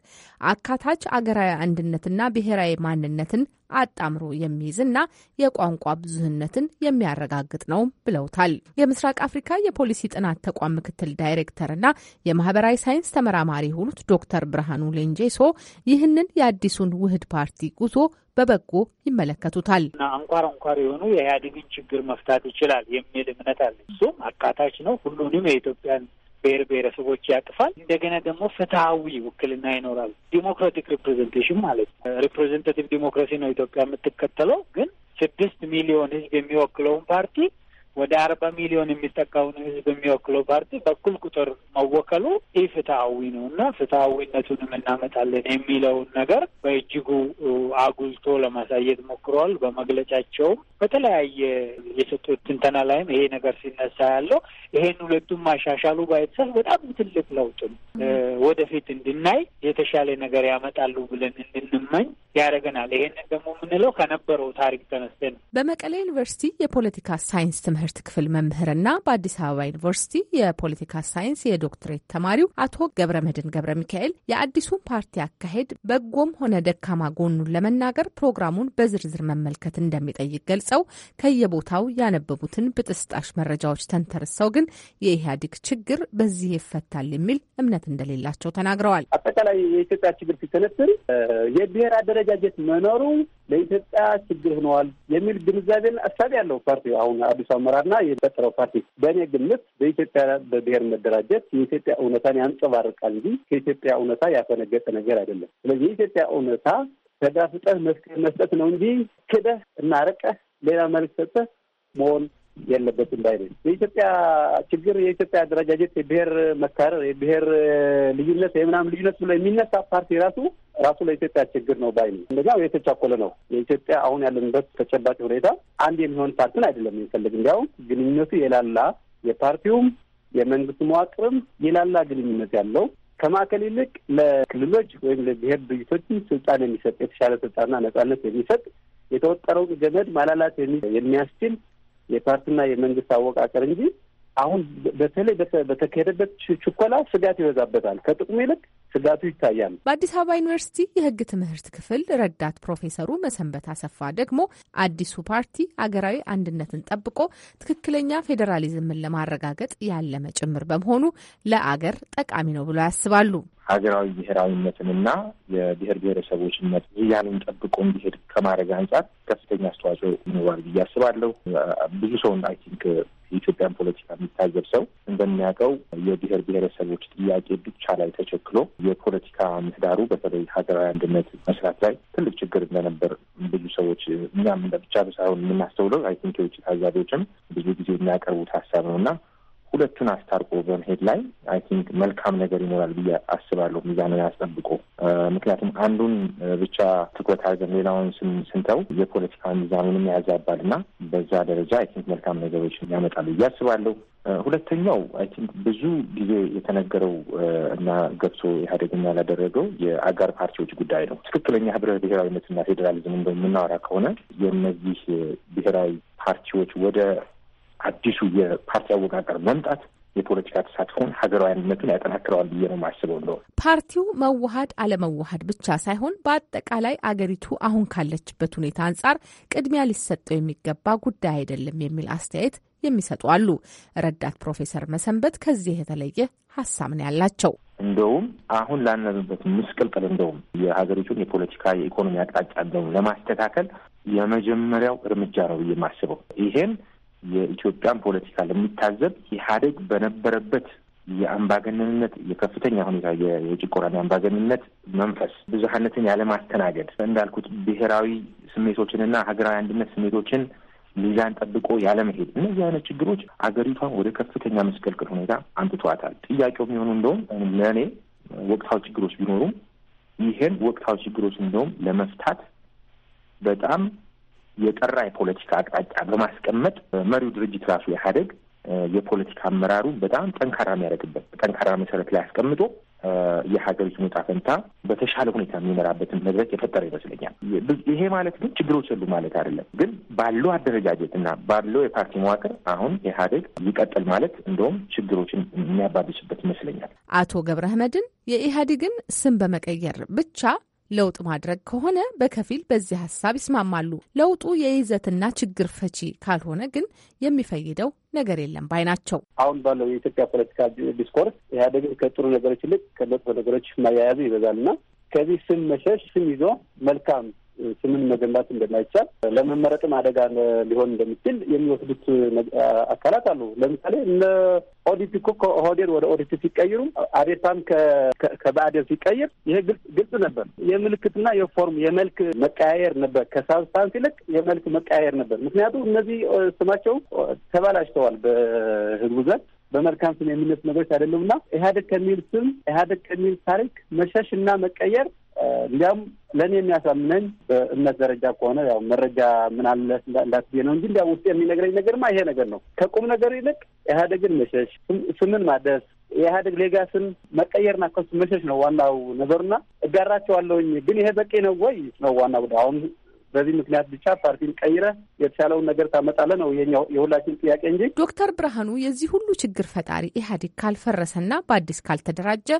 Speaker 13: አካታች አገራዊ አንድነትና ብሔራዊ ማንነትን አጣምሮ የሚይዝና የቋንቋ ብዙህነትን የሚያረጋግጥ ነው ብለውታል። የምስራቅ አፍሪካ የፖሊሲ ጥናት ተቋም ምክትል ዳይሬክተርና የማህበራዊ ሳይንስ ተመራማሪ የሆኑት ዶክተር ብርሃኑ ሌንጄሶ ይህንን የአዲሱን ውህድ ፓርቲ ጉዞ በበጎ ይመለከቱታል።
Speaker 2: አንኳር አንኳር የሆኑ የኢህአዴግን ችግር መፍታት ይችላል የሚል እምነት አለ። እሱም አካታች ነው። ሁሉንም የኢትዮጵያን ብሔር ብሔረሰቦች ያቅፋል። እንደገና ደግሞ ፍትሐዊ ውክልና ይኖራል። ዲሞክራቲክ ሪፕሬዘንቴሽን ማለት ነው። ሪፕሬዘንታቲቭ ዲሞክራሲ ነው ኢትዮጵያ የምትከተለው። ግን ስድስት ሚሊዮን ህዝብ የሚወክለውን ፓርቲ ወደ አርባ ሚሊዮን የሚጠቃውን ህዝብ የሚወክለው ፓርቲ በኩል ቁጥር መወከሉ ኢፍትሐዊ ነው እና ፍትሐዊነቱንም እናመጣለን የሚለውን ነገር በእጅጉ አጉልቶ ለማሳየት ሞክረዋል። በመግለጫቸውም በተለያየ የሰጡት ትንተና ላይም ይሄ ነገር ሲነሳ ያለው ይሄን ሁለቱም ማሻሻሉ ባይተሳል በጣም ትልቅ ለውጥ ነው። ወደፊት እንድናይ የተሻለ ነገር ያመጣሉ ብለን እንድንመኝ ያደርገናል። ይሄንን ደግሞ የምንለው ከነበረው ታሪክ ተነስተን
Speaker 13: በመቀሌ ዩኒቨርሲቲ የፖለቲካ ሳይንስ ትምህርት የትምህርት ክፍል መምህርና በአዲስ አበባ ዩኒቨርሲቲ የፖለቲካ ሳይንስ የዶክትሬት ተማሪው አቶ ገብረ መድን ገብረ ሚካኤል የአዲሱን ፓርቲ አካሄድ በጎም ሆነ ደካማ ጎኑን ለመናገር ፕሮግራሙን በዝርዝር መመልከት እንደሚጠይቅ ገልጸው ከየቦታው ያነበቡትን ብጥስጣሽ መረጃዎች ተንተርሰው ግን የኢህአዴግ ችግር በዚህ ይፈታል የሚል እምነት እንደሌላቸው ተናግረዋል።
Speaker 2: አጠቃላይ የኢትዮጵያ ችግር ሲተነትን የብሔር አደረጃጀት መኖሩ ለኢትዮጵያ ችግር ሆነዋል የሚል ግንዛቤን አሳቢ ያለው ፓርቲ አሁን አዲሱ አመራር አማራና የፈጠረው ፓርቲ በእኔ ግምት በኢትዮጵያ በብሔር መደራጀት የኢትዮጵያ እውነታን ያንጸባርቃል እንጂ ከኢትዮጵያ እውነታ ያፈነገጠ ነገር አይደለም። ስለዚህ የኢትዮጵያ እውነታ ተጋፍጠህ መስጠት ነው እንጂ ክደህ እና ሌላ መልክ ሰጠህ መሆን የለበትም ባይ ነኝ። የኢትዮጵያ ችግር የኢትዮጵያ አደረጃጀት የብሔር መካረር፣ የብሔር ልዩነት፣ የምናምን ልዩነት ብሎ የሚነሳ ፓርቲ ራሱ ራሱ ለኢትዮጵያ ችግር ነው ባይ ነኝ። እንደዚያው የተቻኮለ ነው። የኢትዮጵያ አሁን ያለንበት ተጨባጭ ሁኔታ አንድ የሚሆን ፓርቲን አይደለም የሚፈልግ እንዲያውም ግንኙነቱ የላላ የፓርቲውም የመንግስት መዋቅርም የላላ ግንኙነት ያለው ከማዕከል ይልቅ ለክልሎች ወይም ለብሔር ድርጅቶች ስልጣን የሚሰጥ የተሻለ ስልጣንና ነጻነት የሚሰጥ የተወጠረውን ገመድ ማላላት የሚያስችል የፓርቲና የመንግስት አወቃቀር እንጂ አሁን በተለይ በተካሄደበት ችኮላ ስጋት ይበዛበታል። ከጥቅሙ ይልቅ ስጋቱ ይታያል።
Speaker 13: በአዲስ አበባ ዩኒቨርሲቲ የህግ ትምህርት ክፍል ረዳት ፕሮፌሰሩ መሰንበት አሰፋ ደግሞ አዲሱ ፓርቲ አገራዊ አንድነትን ጠብቆ ትክክለኛ ፌዴራሊዝምን ለማረጋገጥ ያለመ ጭምር በመሆኑ ለአገር ጠቃሚ ነው ብሎ ያስባሉ።
Speaker 3: ሀገራዊ ብሔራዊነትንና የብሔር ብሔረሰቦችነት ያንን ጠብቆ እንዲሄድ ከማድረግ አንጻር ከፍተኛ አስተዋጽኦ ይኖራል ብዬ አስባለሁ። ብዙ ሰው አይ ቲንክ የኢትዮጵያን ፖለቲካ የሚታዘብ ሰው እንደሚያውቀው የብሔር ብሔረሰቦች ጥያቄ ብቻ ላይ ተቸክሎ የፖለቲካ ምህዳሩ በተለይ ሀገራዊ አንድነት መስራት ላይ ትልቅ ችግር እንደነበር ብዙ ሰዎች እኛም ብቻ ሳይሆን የምናስተውለው አይ ቲንክ የውጭ ታዛቢዎችም ብዙ ጊዜ የሚያቀርቡት ሀሳብ ነው እና ሁለቱን አስታርቆ በመሄድ ላይ አይ ቲንክ መልካም ነገር ይኖራል ብዬ አስባለሁ፣ ሚዛኑን አስጠብቆ። ምክንያቱም አንዱን ብቻ ትኩረት አድርገን ሌላውን ስንተው የፖለቲካ ሚዛኑንም ያዛባል እና በዛ ደረጃ አይ ቲንክ መልካም ነገሮች ያመጣሉ ብዬ አስባለሁ። ሁለተኛው አይ ቲንክ ብዙ ጊዜ የተነገረው እና ገብቶ ኢህአዴግና ያላደረገው የአጋር ፓርቲዎች ጉዳይ ነው። ትክክለኛ ህብረ ብሔራዊነትና ፌዴራሊዝም እንደምናወራ ከሆነ የእነዚህ ብሔራዊ ፓርቲዎች ወደ አዲሱ የፓርቲ አወቃቀር መምጣት የፖለቲካ ተሳትፎን ሀገራዊ አንድነቱን ያጠናክረዋል ብዬ ነው የማስበው። እንደሆነ
Speaker 13: ፓርቲው መዋሀድ አለመዋሀድ ብቻ ሳይሆን በአጠቃላይ አገሪቱ አሁን ካለችበት ሁኔታ አንጻር ቅድሚያ ሊሰጠው የሚገባ ጉዳይ አይደለም የሚል አስተያየት የሚሰጡ አሉ። ረዳት ፕሮፌሰር መሰንበት ከዚህ የተለየ ሀሳብ ነው ያላቸው።
Speaker 3: እንደውም አሁን ላነበበት ምስቅልቅል እንደውም የሀገሪቱን የፖለቲካ የኢኮኖሚ አቅጣጫ እንደውም ለማስተካከል የመጀመሪያው እርምጃ ነው ብዬ የማስበው ይሄን የኢትዮጵያን ፖለቲካ ለሚታዘብ ኢህአዴግ በነበረበት የአምባገነንነት የከፍተኛ ሁኔታ የጭቆና የአምባገንነት መንፈስ ብዙሀነትን ያለማስተናገድ እንዳልኩት ብሔራዊ ስሜቶችንና ሀገራዊ አንድነት ስሜቶችን ሚዛን ጠብቆ ያለመሄድ እነዚህ አይነት ችግሮች አገሪቷን ወደ ከፍተኛ መስቀልቅል ሁኔታ አምጥተዋታል። ጥያቄው የሚሆኑ እንደውም ለእኔ ወቅታዊ ችግሮች ቢኖሩም ይህን ወቅታዊ ችግሮች እንደውም ለመፍታት በጣም የጠራ የፖለቲካ አቅጣጫ በማስቀመጥ መሪው ድርጅት ራሱ ኢህአዴግ የፖለቲካ አመራሩ በጣም ጠንካራ የሚያደርግበት ጠንካራ መሰረት ላይ አስቀምጦ የሀገሪቱን ዕጣ ፈንታ በተሻለ ሁኔታ የሚመራበትን መድረክ የፈጠረ ይመስለኛል። ይሄ ማለት ግን ችግሮች የሉ ማለት አይደለም። ግን ባለው አደረጃጀት እና ባለው የፓርቲ መዋቅር አሁን ኢህአዴግ ይቀጥል ማለት እንደውም ችግሮችን የሚያባብስበት ይመስለኛል።
Speaker 13: አቶ ገብረ አህመድን የኢህአዴግን ስም በመቀየር ብቻ ለውጥ ማድረግ ከሆነ በከፊል በዚህ ሀሳብ ይስማማሉ። ለውጡ የይዘትና ችግር ፈቺ ካልሆነ ግን የሚፈይደው ነገር የለም ባይ ናቸው።
Speaker 2: አሁን ባለው የኢትዮጵያ ፖለቲካ ዲስኮርስ ኢህአዴግን ከጥሩ ነገሮች ይልቅ ከመጥፎ ነገሮች ማያያዙ ይበዛልና ከዚህ ስም መሸሽ ስም ይዞ መልካም ስምን መገንባት እንደማይቻል ለመመረጥም አደጋ ሊሆን እንደሚችል የሚወስዱት አካላት አሉ። ለምሳሌ እነ ኦዲፒ እኮ ከኦህዴድ ወደ ኦዲፒ ሲቀይሩ፣ አዴታም ከብአዴን ሲቀይር ይሄ ግልጽ ነበር። የምልክትና የፎርም የመልክ መቀያየር ነበር። ከሳብስታንስ ይልቅ የመልክ መቀያየር ነበር። ምክንያቱም እነዚህ ስማቸው ተበላሽተዋል በህዝቡ ዘንድ በመልካም ስም የሚነሱ ነገሮች አይደሉምና ኢህአዴግ ከሚል ስም ኢህአዴግ ከሚል ታሪክ መሸሽ እና መቀየር እንዲያውም ለእኔ የሚያሳምነኝ በእምነት ደረጃ ከሆነ ያው መረጃ ምን አለ እንዳትዬ ነው እንጂ እንዲያውም ውስጥ የሚነግረኝ ነገርማ ይሄ ነገር ነው። ከቁም ነገር ይልቅ ኢህአዴግን መሸሽ፣ ስምን ማደስ፣ የኢህአዴግ ሌጋስን መቀየርና ከሱ መሸሽ ነው ዋናው ነገሩና እጋራቸዋለሁኝ። ግን ይሄ በቂ ነው ወይ ነው ዋና አሁን በዚህ ምክንያት ብቻ ፓርቲን ቀይረ የተሻለውን ነገር ታመጣለ ነው የኛው የሁላችን ጥያቄ እንጂ
Speaker 13: ዶክተር ብርሃኑ የዚህ ሁሉ ችግር ፈጣሪ ኢህአዴግ ካልፈረሰና በአዲስ ካልተደራጀ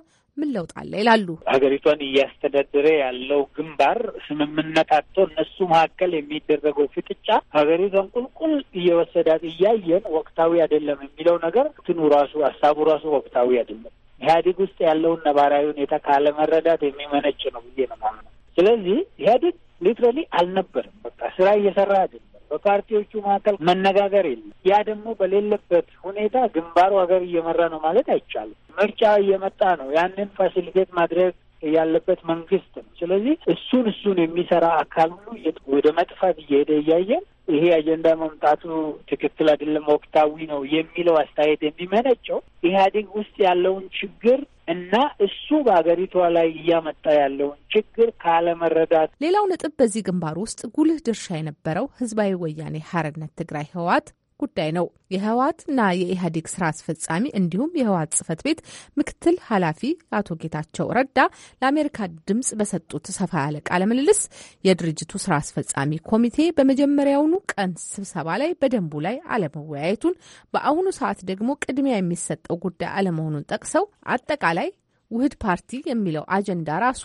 Speaker 13: ምን ለውጥ አለ ይላሉ።
Speaker 2: ሀገሪቷን እያስተዳደረ ያለው ግንባር ስምምነታቶ እነሱ መካከል የሚደረገው ፍጥጫ ሀገሪቷን ቁልቁል እየወሰዳት እያየን ወቅታዊ አይደለም የሚለው ነገር እንትኑ ራሱ ሀሳቡ ራሱ ወቅታዊ አይደለም። ኢህአዴግ ውስጥ ያለውን ነባራዊ ሁኔታ ካለመረዳት
Speaker 14: የሚመነጭ ነው ብዬ ነው ማለት
Speaker 2: ነው። ስለዚህ ኢህአዴግ ሊትራሊ አልነበርም። በቃ ስራ እየሰራ አይደለም በፓርቲዎቹ መካከል መነጋገር የለም። ያ ደግሞ በሌለበት ሁኔታ ግንባሩ ሀገር እየመራ ነው ማለት አይቻልም። ምርጫ እየመጣ ነው። ያንን ፋሲሊቴት ማድረግ ያለበት መንግስት ነው። ስለዚህ እሱን እሱን የሚሰራ አካል ሁሉ ወደ መጥፋት እየሄደ እያየን ይሄ አጀንዳ መምጣቱ ትክክል አይደለም፣ ወቅታዊ ነው የሚለው አስተያየት የሚመነጨው ኢህአዴግ ውስጥ ያለውን ችግር እና እሱ በሀገሪቷ ላይ እያመጣ ያለውን ችግር ካለመረዳት።
Speaker 13: ሌላው ነጥብ በዚህ ግንባር ውስጥ ጉልህ ድርሻ የነበረው ህዝባዊ ወያኔ ሀርነት ትግራይ ህወሓት ጉዳይ ነው። የህወሓትና የኢህአዴግ ስራ አስፈጻሚ እንዲሁም የህወሓት ጽህፈት ቤት ምክትል ኃላፊ አቶ ጌታቸው ረዳ ለአሜሪካ ድምፅ በሰጡት ሰፋ ያለ ቃለ ምልልስ የድርጅቱ ስራ አስፈጻሚ ኮሚቴ በመጀመሪያውኑ ቀን ስብሰባ ላይ በደንቡ ላይ አለመወያየቱን፣ በአሁኑ ሰዓት ደግሞ ቅድሚያ የሚሰጠው ጉዳይ አለመሆኑን ጠቅሰው አጠቃላይ ውህድ ፓርቲ የሚለው አጀንዳ ራሱ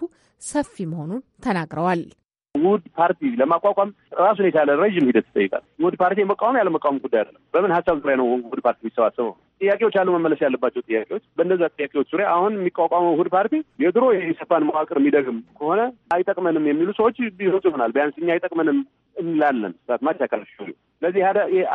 Speaker 13: ሰፊ መሆኑን ተናግረዋል።
Speaker 2: ውህድ ፓርቲ ለማቋቋም ራሱን የቻለ ረዥም ሂደት ይጠይቃል። ውህድ ፓርቲ መቃወም ያለመቃወም ጉዳይ አይደለም። በምን ሀሳብ ዙሪያ ነው ውህድ ፓርቲ የሚሰባሰበው? ጥያቄዎች አሉ መመለስ ያለባቸው ጥያቄዎች። በእነዛ ጥያቄዎች ዙሪያ አሁን የሚቋቋመው ውህድ ፓርቲ የድሮ የኢሰፓን መዋቅር የሚደግም ከሆነ አይጠቅመንም የሚሉ ሰዎች ይወጡ ይሆናል። ቢያንስ እኛ አይጠቅመንም እንላለን። ስት ማች ያቀር ስለዚህ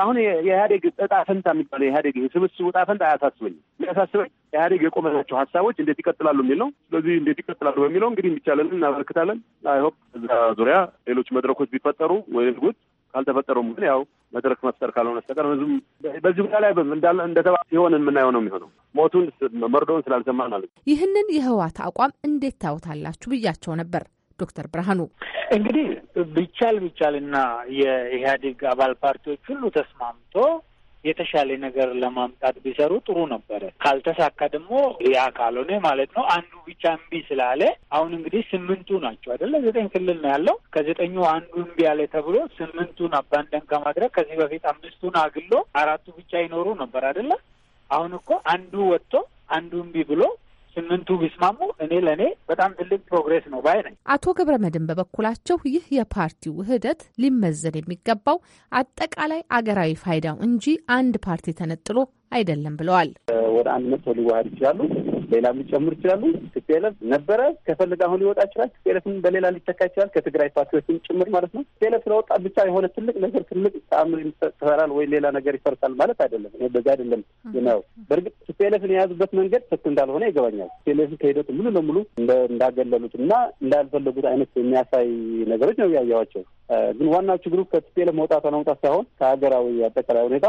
Speaker 2: አሁን የኢህአዴግ እጣ ፈንታ የሚባለ የኢህአዴግ የስብስቡ እጣ ፈንታ አያሳስበኝም። የሚያሳስበኝ ኢህአዴግ የቆመናቸው ሀሳቦች እንዴት ይቀጥላሉ የሚል ነው። ስለዚህ እንዴት ይቀጥላሉ በሚለው እንግዲህ የሚቻለንን እናበረክታለን። አይሆፕ እዛ ዙሪያ ሌሎች መድረኮች ቢፈጠሩ ወይ ጉት ካልተፈጠሩም ግን ያው መድረክ መፍጠር ካልሆነ በስተቀር ህዝቡም በዚህ ጉዳይ ላይ እንደተባ ሲሆን የምናየው ነው የሚሆነው። ሞቱን መርዶውን ስላልሰማን ማለት ነው።
Speaker 13: ይህንን የህወሓት አቋም እንዴት ታወታላችሁ ብያቸው ነበር። ዶክተር ብርሃኑ እንግዲህ ቢቻል ቢቻልና
Speaker 2: የኢህአዴግ አባል ፓርቲዎች ሁሉ ተስማምቶ የተሻለ ነገር ለማምጣት ቢሰሩ ጥሩ ነበረ። ካልተሳካ ደግሞ ያ ካልሆነ ማለት ነው አንዱ ብቻ እምቢ ስላለ አሁን እንግዲህ ስምንቱ ናቸው አይደለ? ዘጠኝ ክልል ነው ያለው። ከዘጠኙ አንዱ እምቢ ያለ ተብሎ ስምንቱን አባንደን ከማድረግ ከዚህ በፊት አምስቱን አግሎ አራቱ ብቻ ይኖሩ ነበር አይደለ? አሁን እኮ አንዱ ወጥቶ አንዱ እምቢ ብሎ ስምንቱ ቢስማሙ እኔ ለእኔ በጣም ትልቅ ፕሮግሬስ ነው ባይ
Speaker 13: ነኝ። አቶ ገብረ መድን በበኩላቸው ይህ የፓርቲ ውህደት ሊመዘን የሚገባው አጠቃላይ አገራዊ ፋይዳው እንጂ አንድ ፓርቲ ተነጥሎ አይደለም ብለዋል።
Speaker 2: ወደ አንድ መጥቶ ሊዋሃድ ይችላሉ፣ ሌላም ሊጨምር ይችላሉ። ቲፒኤልኤፍ ነበረ ከፈለገ አሁን ሊወጣ ይችላል። ቲፒኤልኤፍም በሌላ ሊተካ ይችላል፣ ከትግራይ ፓርቲዎችም ጭምር ማለት ነው። ቲፒኤልኤፍ ስለወጣ ብቻ የሆነ ትልቅ ነገር ትልቅ ተአምር ይፈራል ወይ ሌላ ነገር ይፈርሳል ማለት አይደለም። በዛ አይደለም ነው። በእርግጥ ቲፒኤልኤፍን የያዙበት መንገድ ፍት እንዳልሆነ ይገባኛል። ቲፒኤልኤፍን ከሂደቱ ሙሉ ለሙሉ እንዳገለሉት እና እንዳልፈለጉት አይነት የሚያሳይ ነገሮች ነው ያየኋቸው። ግን ዋናው ችግሩ ከቲፒኤልኤፍ መውጣት አለመውጣት ሳይሆን ከሀገራዊ አጠቃላይ ሁኔታ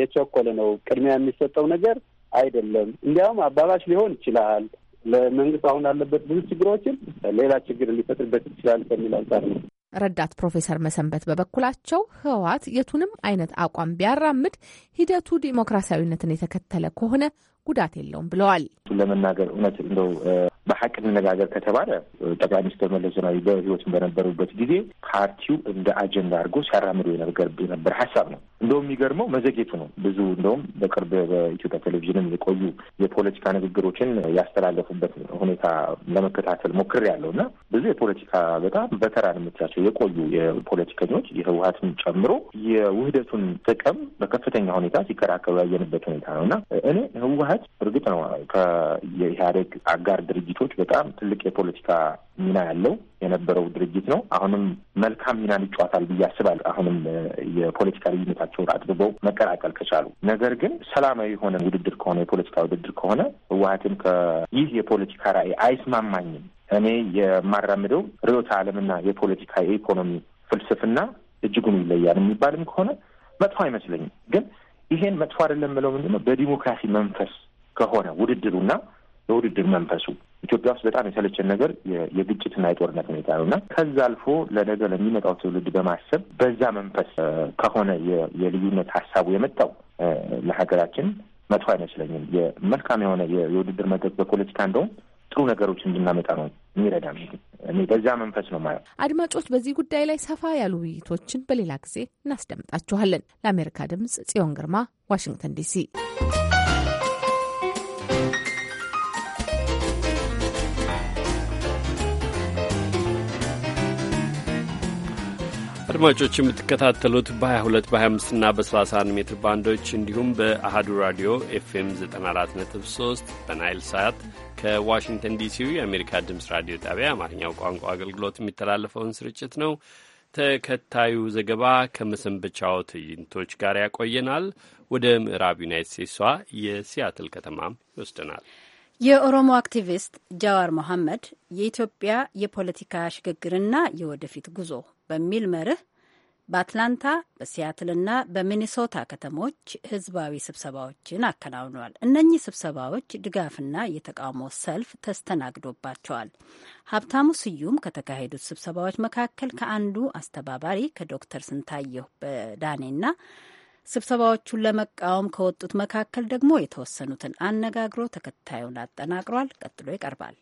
Speaker 2: የቸኮለ ነው ቅድሚ ቅድሚያ የሚሰጠው ነገር አይደለም። እንዲያውም አባባሽ ሊሆን ይችላል። ለመንግስት አሁን ያለበት ብዙ ችግሮችን ሌላ ችግር ሊፈጥርበት ይችላል ከሚል አንጻር ነው።
Speaker 13: ረዳት ፕሮፌሰር መሰንበት በበኩላቸው ህወሓት የቱንም አይነት አቋም ቢያራምድ ሂደቱ ዲሞክራሲያዊነትን የተከተለ ከሆነ ጉዳት የለውም ብለዋል።
Speaker 3: ለመናገር እውነት እንደው በሀቅ እንነጋገር ከተባለ ጠቅላይ ሚኒስትር መለስ ዜናዊ በህይወት በነበሩበት ጊዜ ፓርቲው እንደ አጀንዳ አድርጎ ሲያራምዱ የነበር ሀሳብ ነው እንደውም የሚገርመው መዘጌቱ ነው። ብዙ እንደውም በቅርብ በኢትዮጵያ ቴሌቪዥንም የቆዩ የፖለቲካ ንግግሮችን ያስተላለፉበት ሁኔታ ለመከታተል ያለው እና ብዙ የፖለቲካ በጣም በተራን የምትላቸው የቆዩ የፖለቲከኞች የህወሀትን ጨምሮ የውህደቱን ጥቅም በከፍተኛ ሁኔታ ሲከራከሩ ያየንበት ሁኔታ ነው እና እኔ ህወሀት እርግጥ ነው ከኢህአዴግ አጋር ድርጅቶች በጣም ትልቅ የፖለቲካ ሚና ያለው የነበረው ድርጅት ነው። አሁንም መልካም ሚናን ይጫወታል ብዬ አስባለሁ። አሁንም የፖለቲካ ልዩነታቸውን አጥብበው መቀላቀል ከቻሉ ነገር ግን ሰላማዊ የሆነ ውድድር ከሆነ የፖለቲካ ውድድር ከሆነ ህወሀትም ከይህ የፖለቲካ ራዕይ አይስማማኝም፣ እኔ የማራምደው ርዕዮተ ዓለምና የፖለቲካ የኢኮኖሚ ፍልስፍና እጅጉን ይለያል የሚባልም ከሆነ መጥፎ አይመስለኝም። ግን ይሄን መጥፎ አይደለም ብለው ምንድነው በዲሞክራሲ መንፈስ ከሆነ ውድድሩና የውድድር መንፈሱ ኢትዮጵያ ውስጥ በጣም የሰለቸን ነገር የግጭትና የጦርነት ሁኔታ ነው እና ከዛ አልፎ ለነገ ለሚመጣው ትውልድ በማሰብ በዛ መንፈስ ከሆነ የልዩነት ሀሳቡ የመጣው ለሀገራችን መጥፎ አይመስለኝም። መልካም የሆነ የውድድር መድረክ በፖለቲካ እንደውም ጥሩ ነገሮች እንድናመጣ ነው የሚረዳ። እኔ በዛ መንፈስ ነው ማየው።
Speaker 13: አድማጮች፣ በዚህ ጉዳይ ላይ ሰፋ ያሉ ውይይቶችን በሌላ ጊዜ እናስደምጣችኋለን። ለአሜሪካ ድምጽ ጽዮን ግርማ ዋሽንግተን ዲሲ
Speaker 1: አድማጮች የምትከታተሉት በ22 በ25ና በ31 ሜትር ባንዶች እንዲሁም በአሃዱ ራዲዮ ኤፍኤም 94.3 በናይል ሳት ከዋሽንግተን ዲሲው የአሜሪካ ድምፅ ራዲዮ ጣቢያ አማርኛው ቋንቋ አገልግሎት የሚተላለፈውን ስርጭት ነው። ተከታዩ ዘገባ ከመሰንበቻው ትዕይንቶች ጋር ያቆየናል። ወደ ምዕራብ ዩናይት ስቴትሷ የሲያትል ከተማም ይወስደናል።
Speaker 4: የኦሮሞ አክቲቪስት ጃዋር መሐመድ የኢትዮጵያ የፖለቲካ ሽግግርና የወደፊት ጉዞ በሚል መርህ በአትላንታ በሲያትልና በሚኒሶታ ከተሞች ህዝባዊ ስብሰባዎችን አከናውኗል። እነኚህ ስብሰባዎች ድጋፍና የተቃውሞ ሰልፍ ተስተናግዶባቸዋል። ሀብታሙ ስዩም ከተካሄዱት ስብሰባዎች መካከል ከአንዱ አስተባባሪ ከዶክተር ስንታየሁ በዳኔና ስብሰባዎቹን ለመቃወም ከወጡት መካከል ደግሞ የተወሰኑትን አነጋግሮ ተከታዩን አጠናቅሯል። ቀጥሎ ይቀርባል።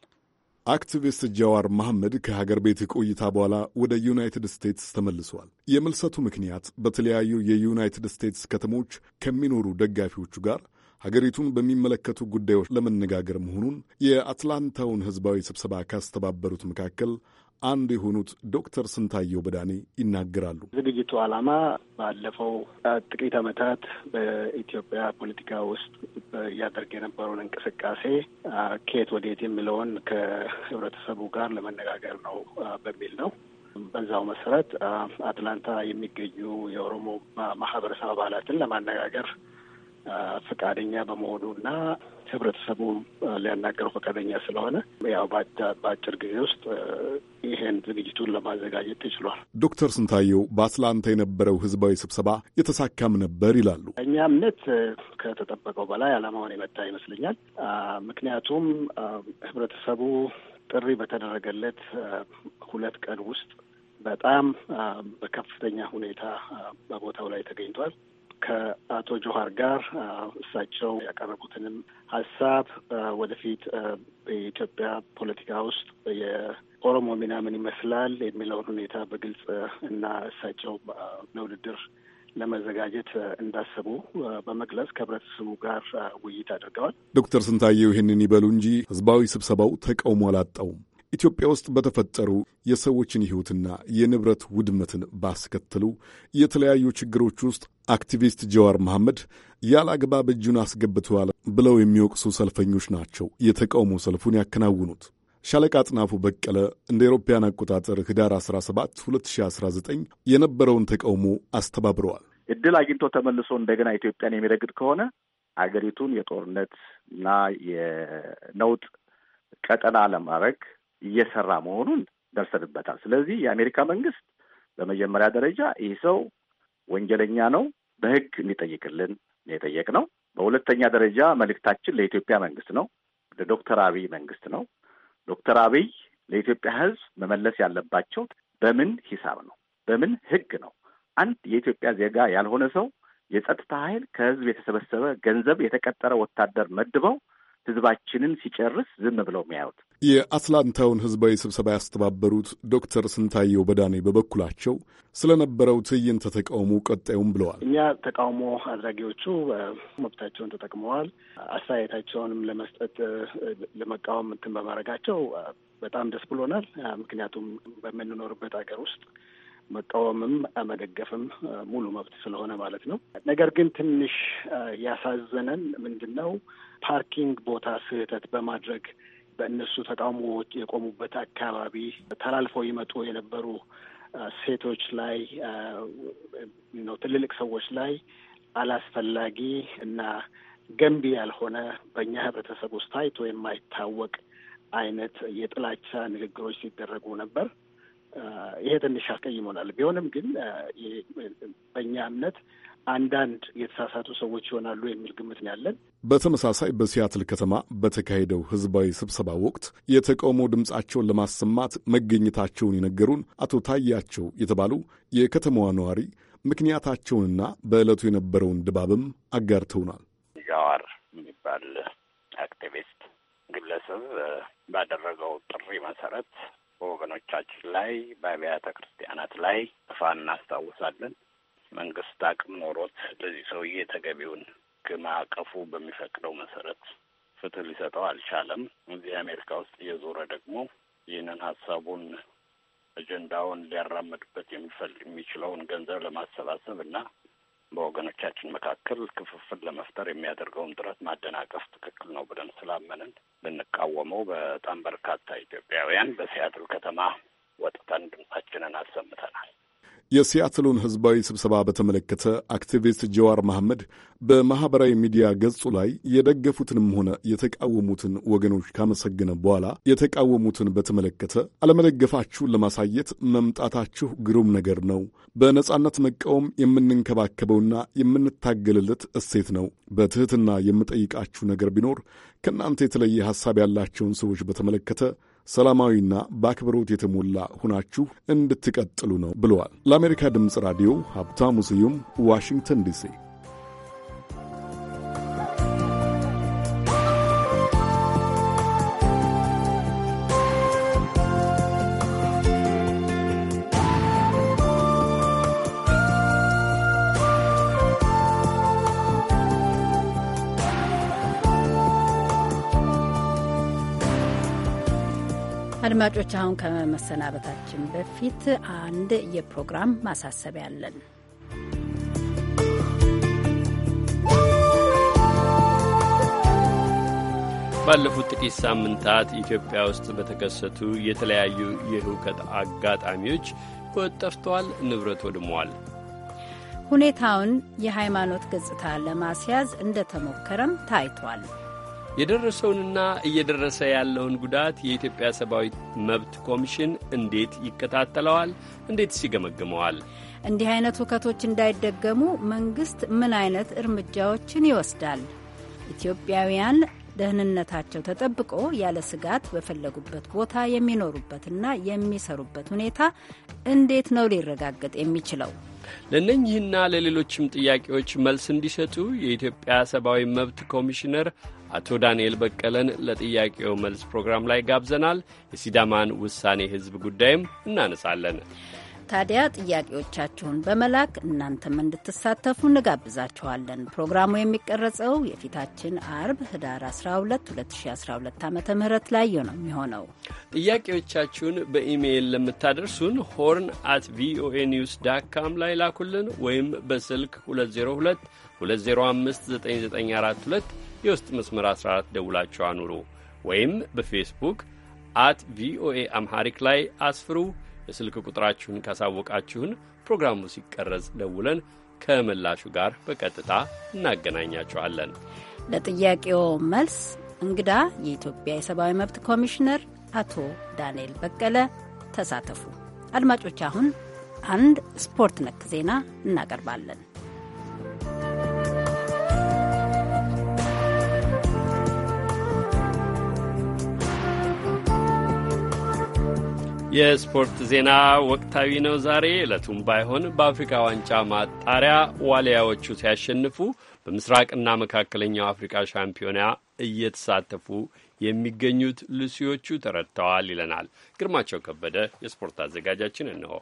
Speaker 6: አክቲቪስት ጃዋር መሐመድ ከሀገር ቤት ቆይታ በኋላ ወደ ዩናይትድ ስቴትስ ተመልሰዋል። የምልሰቱ ምክንያት በተለያዩ የዩናይትድ ስቴትስ ከተሞች ከሚኖሩ ደጋፊዎቹ ጋር ሀገሪቱን በሚመለከቱ ጉዳዮች ለመነጋገር መሆኑን የአትላንታውን ሕዝባዊ ስብሰባ ካስተባበሩት መካከል አንዱ የሆኑት ዶክተር ስንታየው በዳኔ ይናገራሉ።
Speaker 14: ዝግጅቱ ዓላማ ባለፈው ጥቂት ዓመታት በኢትዮጵያ ፖለቲካ ውስጥ እያደረገ የነበረውን እንቅስቃሴ ከየት ወዴት የሚለውን ከህብረተሰቡ ጋር ለመነጋገር ነው በሚል ነው። በዛው መሰረት አትላንታ የሚገኙ የኦሮሞ ማህበረሰብ አባላትን ለማነጋገር ፈቃደኛ በመሆኑ እና ህብረተሰቡ ሊያናገረው ፈቃደኛ ስለሆነ ያው በአጭር ጊዜ ውስጥ ይህን ዝግጅቱን ለማዘጋጀት ተችሏል።
Speaker 6: ዶክተር ስንታየው በአትላንታ የነበረው ህዝባዊ ስብሰባ የተሳካም ነበር ይላሉ።
Speaker 14: እኛ እምነት ከተጠበቀው በላይ አላማውን የመታ ይመስለኛል። ምክንያቱም ህብረተሰቡ ጥሪ በተደረገለት ሁለት ቀን ውስጥ በጣም በከፍተኛ ሁኔታ በቦታው ላይ ተገኝቷል። ከአቶ ጆሀር ጋር እሳቸው ያቀረቡትንም ሀሳብ ወደፊት በኢትዮጵያ ፖለቲካ ውስጥ የኦሮሞ ሚና ምን ይመስላል የሚለውን ሁኔታ በግልጽ እና እሳቸው ለውድድር ለመዘጋጀት እንዳሰቡ በመግለጽ ከህብረተሰቡ ጋር
Speaker 6: ውይይት አድርገዋል። ዶክተር ስንታየው ይህንን ይበሉ እንጂ ህዝባዊ ስብሰባው ተቃውሞ አላጣውም። ኢትዮጵያ ውስጥ በተፈጠሩ የሰዎችን ሕይወትና የንብረት ውድመትን ባስከተሉ የተለያዩ ችግሮች ውስጥ አክቲቪስት ጀዋር መሐመድ ያለ አግባብ እጁን አስገብተዋል ብለው የሚወቅሱ ሰልፈኞች ናቸው የተቃውሞ ሰልፉን ያከናውኑት። ሻለቃ አጥናፉ በቀለ እንደ አውሮፓውያን አቆጣጠር ህዳር 17 2019 የነበረውን ተቃውሞ አስተባብረዋል።
Speaker 2: እድል አግኝቶ ተመልሶ እንደገና ኢትዮጵያን የሚረግጥ ከሆነ አገሪቱን የጦርነት እና የነውጥ ቀጠና ለማድረግ እየሰራ መሆኑን ደርሰንበታል። ስለዚህ የአሜሪካ መንግስት በመጀመሪያ ደረጃ ይህ ሰው ወንጀለኛ ነው፣ በህግ እንዲጠይቅልን የጠየቅ ነው። በሁለተኛ ደረጃ መልእክታችን ለኢትዮጵያ መንግስት ነው፣ ለዶክተር አብይ መንግስት ነው። ዶክተር አብይ ለኢትዮጵያ ህዝብ መመለስ ያለባቸው በምን ሂሳብ ነው? በምን ህግ ነው? አንድ የኢትዮጵያ ዜጋ ያልሆነ ሰው የጸጥታ ኃይል ከህዝብ የተሰበሰበ ገንዘብ የተቀጠረ ወታደር መድበው ህዝባችንን ሲጨርስ ዝም ብለው የሚያዩት።
Speaker 6: የአትላንታውን ህዝባዊ ስብሰባ ያስተባበሩት ዶክተር ስንታየው በዳኔ በበኩላቸው ስለነበረው ትዕይንተ ተቃውሞ ቀጣዩም ብለዋል።
Speaker 14: እኛ ተቃውሞ አድራጊዎቹ መብታቸውን ተጠቅመዋል። አስተያየታቸውንም ለመስጠት ለመቃወም እንትን በማድረጋቸው በጣም ደስ ብሎናል። ምክንያቱም በምንኖርበት ሀገር ውስጥ መቃወምም መደገፍም ሙሉ መብት ስለሆነ ማለት ነው። ነገር ግን ትንሽ ያሳዘነን ምንድን ነው ፓርኪንግ ቦታ ስህተት በማድረግ በእነሱ ተቃውሞዎች የቆሙበት አካባቢ ተላልፈው ይመጡ የነበሩ ሴቶች ላይ ነው ትልልቅ ሰዎች ላይ አላስፈላጊ እና ገንቢ ያልሆነ በእኛ ህብረተሰብ ውስጥ ታይቶ የማይታወቅ አይነት የጥላቻ ንግግሮች ሲደረጉ ነበር። ይሄ ትንሽ አስቀይሞናል። ቢሆንም ግን በእኛ እምነት አንዳንድ የተሳሳቱ ሰዎች ይሆናሉ የሚል ግምት ነው ያለን።
Speaker 6: በተመሳሳይ በሲያትል ከተማ በተካሄደው ሕዝባዊ ስብሰባ ወቅት የተቃውሞ ድምፃቸውን ለማሰማት መገኘታቸውን የነገሩን አቶ ታያቸው የተባሉ የከተማዋ ነዋሪ ምክንያታቸውንና በዕለቱ የነበረውን ድባብም አጋርተውናል።
Speaker 14: ጃዋር የሚባል አክቲቪስት ግለሰብ ባደረገው ጥሪ መሰረት በቤቶቻችን ላይ በአብያተ ክርስቲያናት ላይ ጥፋ እናስታውሳለን። መንግስት አቅም ኖሮት ለዚህ ሰውዬ ተገቢውን ማዕቀፉ በሚፈቅደው መሰረት ፍትህ ሊሰጠው አልቻለም። እዚህ አሜሪካ ውስጥ እየዞረ ደግሞ ይህንን ሀሳቡን አጀንዳውን ሊያራምድበት የሚፈል የሚችለውን ገንዘብ ለማሰባሰብ እና በወገኖቻችን መካከል ክፍፍል ለመፍጠር የሚያደርገውን ጥረት ማደናቀፍ ትክክል ነው ብለን ስላመንን ልንቃወመው በጣም በርካታ ኢትዮጵያውያን በሲያትል ከተማ ወጥተን ድምጻችንን አሰምተናል።
Speaker 6: የሲያትሉን ህዝባዊ ስብሰባ በተመለከተ አክቲቪስት ጀዋር መሐመድ በማኅበራዊ ሚዲያ ገጹ ላይ የደገፉትንም ሆነ የተቃወሙትን ወገኖች ካመሰገነ በኋላ የተቃወሙትን በተመለከተ አለመደገፋችሁን ለማሳየት መምጣታችሁ ግሩም ነገር ነው። በነጻነት መቃወም የምንንከባከበውና የምንታገልለት እሴት ነው። በትሕትና የምጠይቃችሁ ነገር ቢኖር ከእናንተ የተለየ ሐሳብ ያላቸውን ሰዎች በተመለከተ ሰላማዊና በአክብሮት የተሞላ ሁናችሁ እንድትቀጥሉ ነው ብለዋል። ለአሜሪካ ድምፅ ራዲዮ ሀብታሙ ስዩም ዋሽንግተን ዲሲ
Speaker 4: አድማጮች አሁን ከመሰናበታችን በፊት አንድ የፕሮግራም ማሳሰቢያ አለን።
Speaker 1: ባለፉት ጥቂት ሳምንታት ኢትዮጵያ ውስጥ በተከሰቱ የተለያዩ የህውከት አጋጣሚዎች ሕይወት ጠፍቷል፣ ንብረት ወድሟል።
Speaker 4: ሁኔታውን የሃይማኖት ገጽታ ለማስያዝ እንደተሞከረም ታይቷል።
Speaker 1: የደረሰውንና እየደረሰ ያለውን ጉዳት የኢትዮጵያ ሰብአዊ መብት ኮሚሽን እንዴት ይከታተለዋል? እንዴትስ ይገመግመዋል?
Speaker 4: እንዲህ አይነት ሁከቶች እንዳይደገሙ መንግስት ምን አይነት እርምጃዎችን ይወስዳል? ኢትዮጵያውያን ደህንነታቸው ተጠብቆ ያለ ስጋት በፈለጉበት ቦታ የሚኖሩበትና የሚሰሩበት ሁኔታ እንዴት ነው ሊረጋገጥ የሚችለው?
Speaker 1: ለእነኚህና ለሌሎችም ጥያቄዎች መልስ እንዲሰጡ የኢትዮጵያ ሰብአዊ መብት ኮሚሽነር አቶ ዳንኤል በቀለን ለጥያቄው መልስ ፕሮግራም ላይ ጋብዘናል። የሲዳማን ውሳኔ ህዝብ ጉዳይም እናነሳለን።
Speaker 4: ታዲያ ጥያቄዎቻችሁን በመላክ እናንተም እንድትሳተፉ እንጋብዛችኋለን። ፕሮግራሙ የሚቀረጸው የፊታችን አርብ ህዳር 12 2012 ዓ ም ላይ ነው የሚሆነው።
Speaker 1: ጥያቄዎቻችሁን በኢሜይል ለምታደርሱን ሆርን አት ቪኦኤ ኒውስ ዳት ካም ላይ ላኩልን ወይም በስልክ 202 205 9942 የውስጥ መስመር 14 ደውላችሁ አኑሩ ወይም በፌስቡክ አት ቪኦኤ አምሃሪክ ላይ አስፍሩ። የስልክ ቁጥራችሁን ካሳወቃችሁን ፕሮግራሙ ሲቀረጽ ደውለን ከምላሹ ጋር በቀጥታ እናገናኛችኋለን።
Speaker 4: ለጥያቄው መልስ እንግዳ የኢትዮጵያ የሰብአዊ መብት ኮሚሽነር አቶ ዳንኤል በቀለ ተሳተፉ። አድማጮች፣ አሁን አንድ ስፖርት ነክ ዜና እናቀርባለን።
Speaker 1: የስፖርት ዜና ወቅታዊ ነው። ዛሬ ዕለቱም ባይሆን በአፍሪካ ዋንጫ ማጣሪያ ዋልያዎቹ ሲያሸንፉ በምስራቅና መካከለኛው አፍሪካ ሻምፒዮና እየተሳተፉ የሚገኙት ሉሲዎቹ ተረድተዋል ይለናል ግርማቸው ከበደ የስፖርት አዘጋጃችን እንሆ።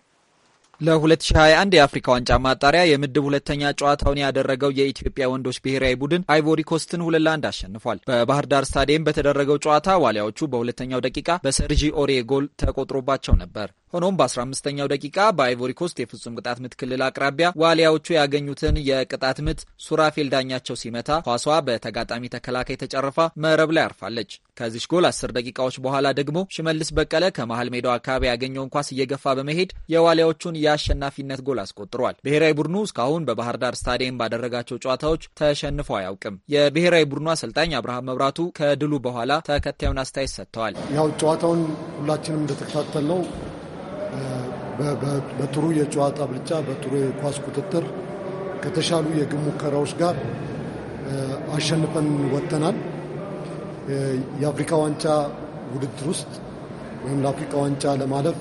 Speaker 15: ለ2021 የአፍሪካ ዋንጫ ማጣሪያ የምድብ ሁለተኛ ጨዋታውን ያደረገው የኢትዮጵያ ወንዶች ብሔራዊ ቡድን አይቮሪ ኮስትን ሁለት ለአንድ አሸንፏል። በባህር ዳር ስታዲየም በተደረገው ጨዋታ ዋሊያዎቹ በሁለተኛው ደቂቃ በሰርጂ ኦሬ ጎል ተቆጥሮባቸው ነበር። ሆኖም በ15ኛው ደቂቃ በአይቮሪኮስት የፍጹም ቅጣት ምት ክልል አቅራቢያ ዋሊያዎቹ ያገኙትን የቅጣት ምት ሱራፌል ዳኛቸው ሲመታ ኳሷ በተጋጣሚ ተከላካይ ተጨርፋ መረብ ላይ አርፋለች። ከዚች ጎል 10 ደቂቃዎች በኋላ ደግሞ ሽመልስ በቀለ ከመሃል ሜዳው አካባቢ ያገኘውን ኳስ እየገፋ በመሄድ የዋሊያዎቹን የአሸናፊነት ጎል አስቆጥሯል። ብሔራዊ ቡድኑ እስካሁን በባህር ዳር ስታዲየም ባደረጋቸው ጨዋታዎች ተሸንፎ አያውቅም። የብሔራዊ ቡድኑ አሰልጣኝ አብርሃም መብራቱ ከድሉ በኋላ ተከታዩን አስተያየት ሰጥተዋል።
Speaker 7: ያው ጨዋታውን ሁላችንም እንደተከታተል ነው በጥሩ የጨዋታ ብልጫ፣ በጥሩ የኳስ ቁጥጥር ከተሻሉ የግብ ሙከራዎች ጋር አሸንፈን ወጥተናል። የአፍሪካ ዋንጫ ውድድር ውስጥ ወይም ለአፍሪካ ዋንጫ ለማለፍ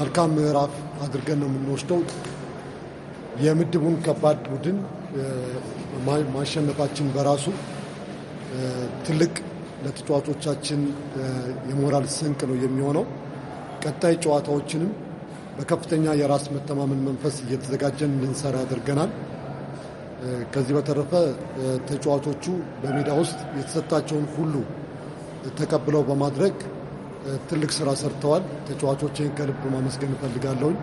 Speaker 7: መልካም ምዕራፍ አድርገን ነው የምንወስደው። የምድቡን ከባድ ቡድን ማሸነፋችን በራሱ ትልቅ ለተጫዋቾቻችን የሞራል ስንቅ ነው የሚሆነው። ቀጣይ ጨዋታዎችንም በከፍተኛ የራስ መተማመን መንፈስ እየተዘጋጀን እንድንሰራ አድርገናል። ከዚህ በተረፈ ተጫዋቾቹ በሜዳ ውስጥ የተሰጣቸውን ሁሉ ተቀብለው በማድረግ ትልቅ ስራ ሰርተዋል። ተጫዋቾችን ከልብ ማመስገን እፈልጋለሁኝ።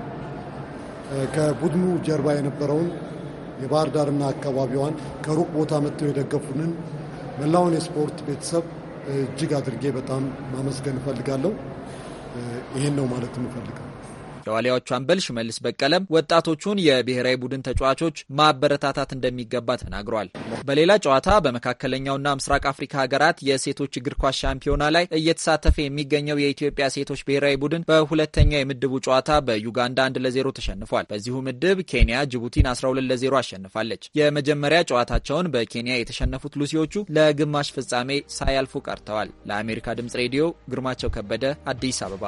Speaker 7: ከቡድኑ ጀርባ የነበረውን የባህር ዳርና አካባቢዋን ከሩቅ ቦታ መጥተው የደገፉንን መላውን የስፖርት ቤተሰብ እጅግ አድርጌ በጣም ማመስገን እፈልጋለሁ። ይሄን ነው ማለት የምፈልገው።
Speaker 15: የዋሊያዎቹ አምበል ሽመልስ በቀለም ወጣቶቹን የብሔራዊ ቡድን ተጫዋቾች ማበረታታት እንደሚገባ ተናግሯል። በሌላ ጨዋታ በመካከለኛውና ምስራቅ አፍሪካ ሀገራት የሴቶች እግር ኳስ ሻምፒዮና ላይ እየተሳተፈ የሚገኘው የኢትዮጵያ ሴቶች ብሔራዊ ቡድን በሁለተኛው የምድቡ ጨዋታ በዩጋንዳ አንድ ለዜሮ ተሸንፏል። በዚሁ ምድብ ኬንያ ጅቡቲን 12 ለዜሮ አሸንፋለች። የመጀመሪያ ጨዋታቸውን በኬንያ የተሸነፉት ሉሲዎቹ ለግማሽ ፍጻሜ ሳያልፉ ቀርተዋል። ለአሜሪካ ድምጽ ሬዲዮ ግርማቸው ከበደ አዲስ አበባ።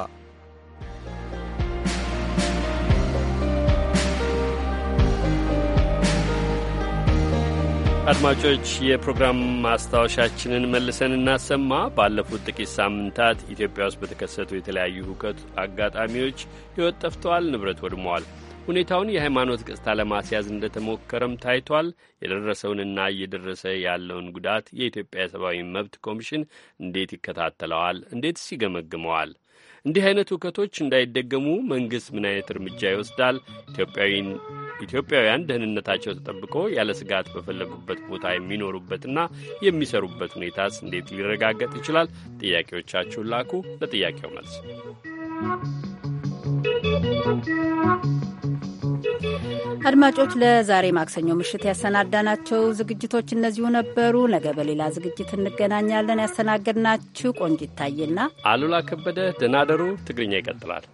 Speaker 1: አድማጮች የፕሮግራም ማስታወሻችንን መልሰን እናሰማ። ባለፉት ጥቂት ሳምንታት ኢትዮጵያ ውስጥ በተከሰቱ የተለያዩ ሁከት አጋጣሚዎች ሕይወት ጠፍተዋል፣ ንብረት ወድመዋል። ሁኔታውን የሃይማኖት ገጽታ ለማስያዝ እንደተሞከረም ታይቷል። የደረሰውንና እየደረሰ ያለውን ጉዳት የኢትዮጵያ የሰብአዊ መብት ኮሚሽን እንዴት ይከታተለዋል? እንዴትስ ይገመግመዋል? እንዲህ አይነት እውከቶች እንዳይደገሙ መንግሥት ምን አይነት እርምጃ ይወስዳል? ኢትዮጵያውያን ደህንነታቸው ተጠብቆ ያለ ስጋት በፈለጉበት ቦታ የሚኖሩበትና የሚሰሩበት ሁኔታስ እንዴት ሊረጋገጥ ይችላል? ጥያቄዎቻችሁን ላኩ። ለጥያቄው መልስ
Speaker 4: አድማጮች ለዛሬ ማክሰኞ ምሽት ያሰናዳናቸው ዝግጅቶች እነዚሁ ነበሩ። ነገ በሌላ ዝግጅት እንገናኛለን። ያስተናገድናችሁ ቆንጅ ይታየና
Speaker 1: አሉላ ከበደ። ደናደሩ ትግርኛ ይቀጥላል።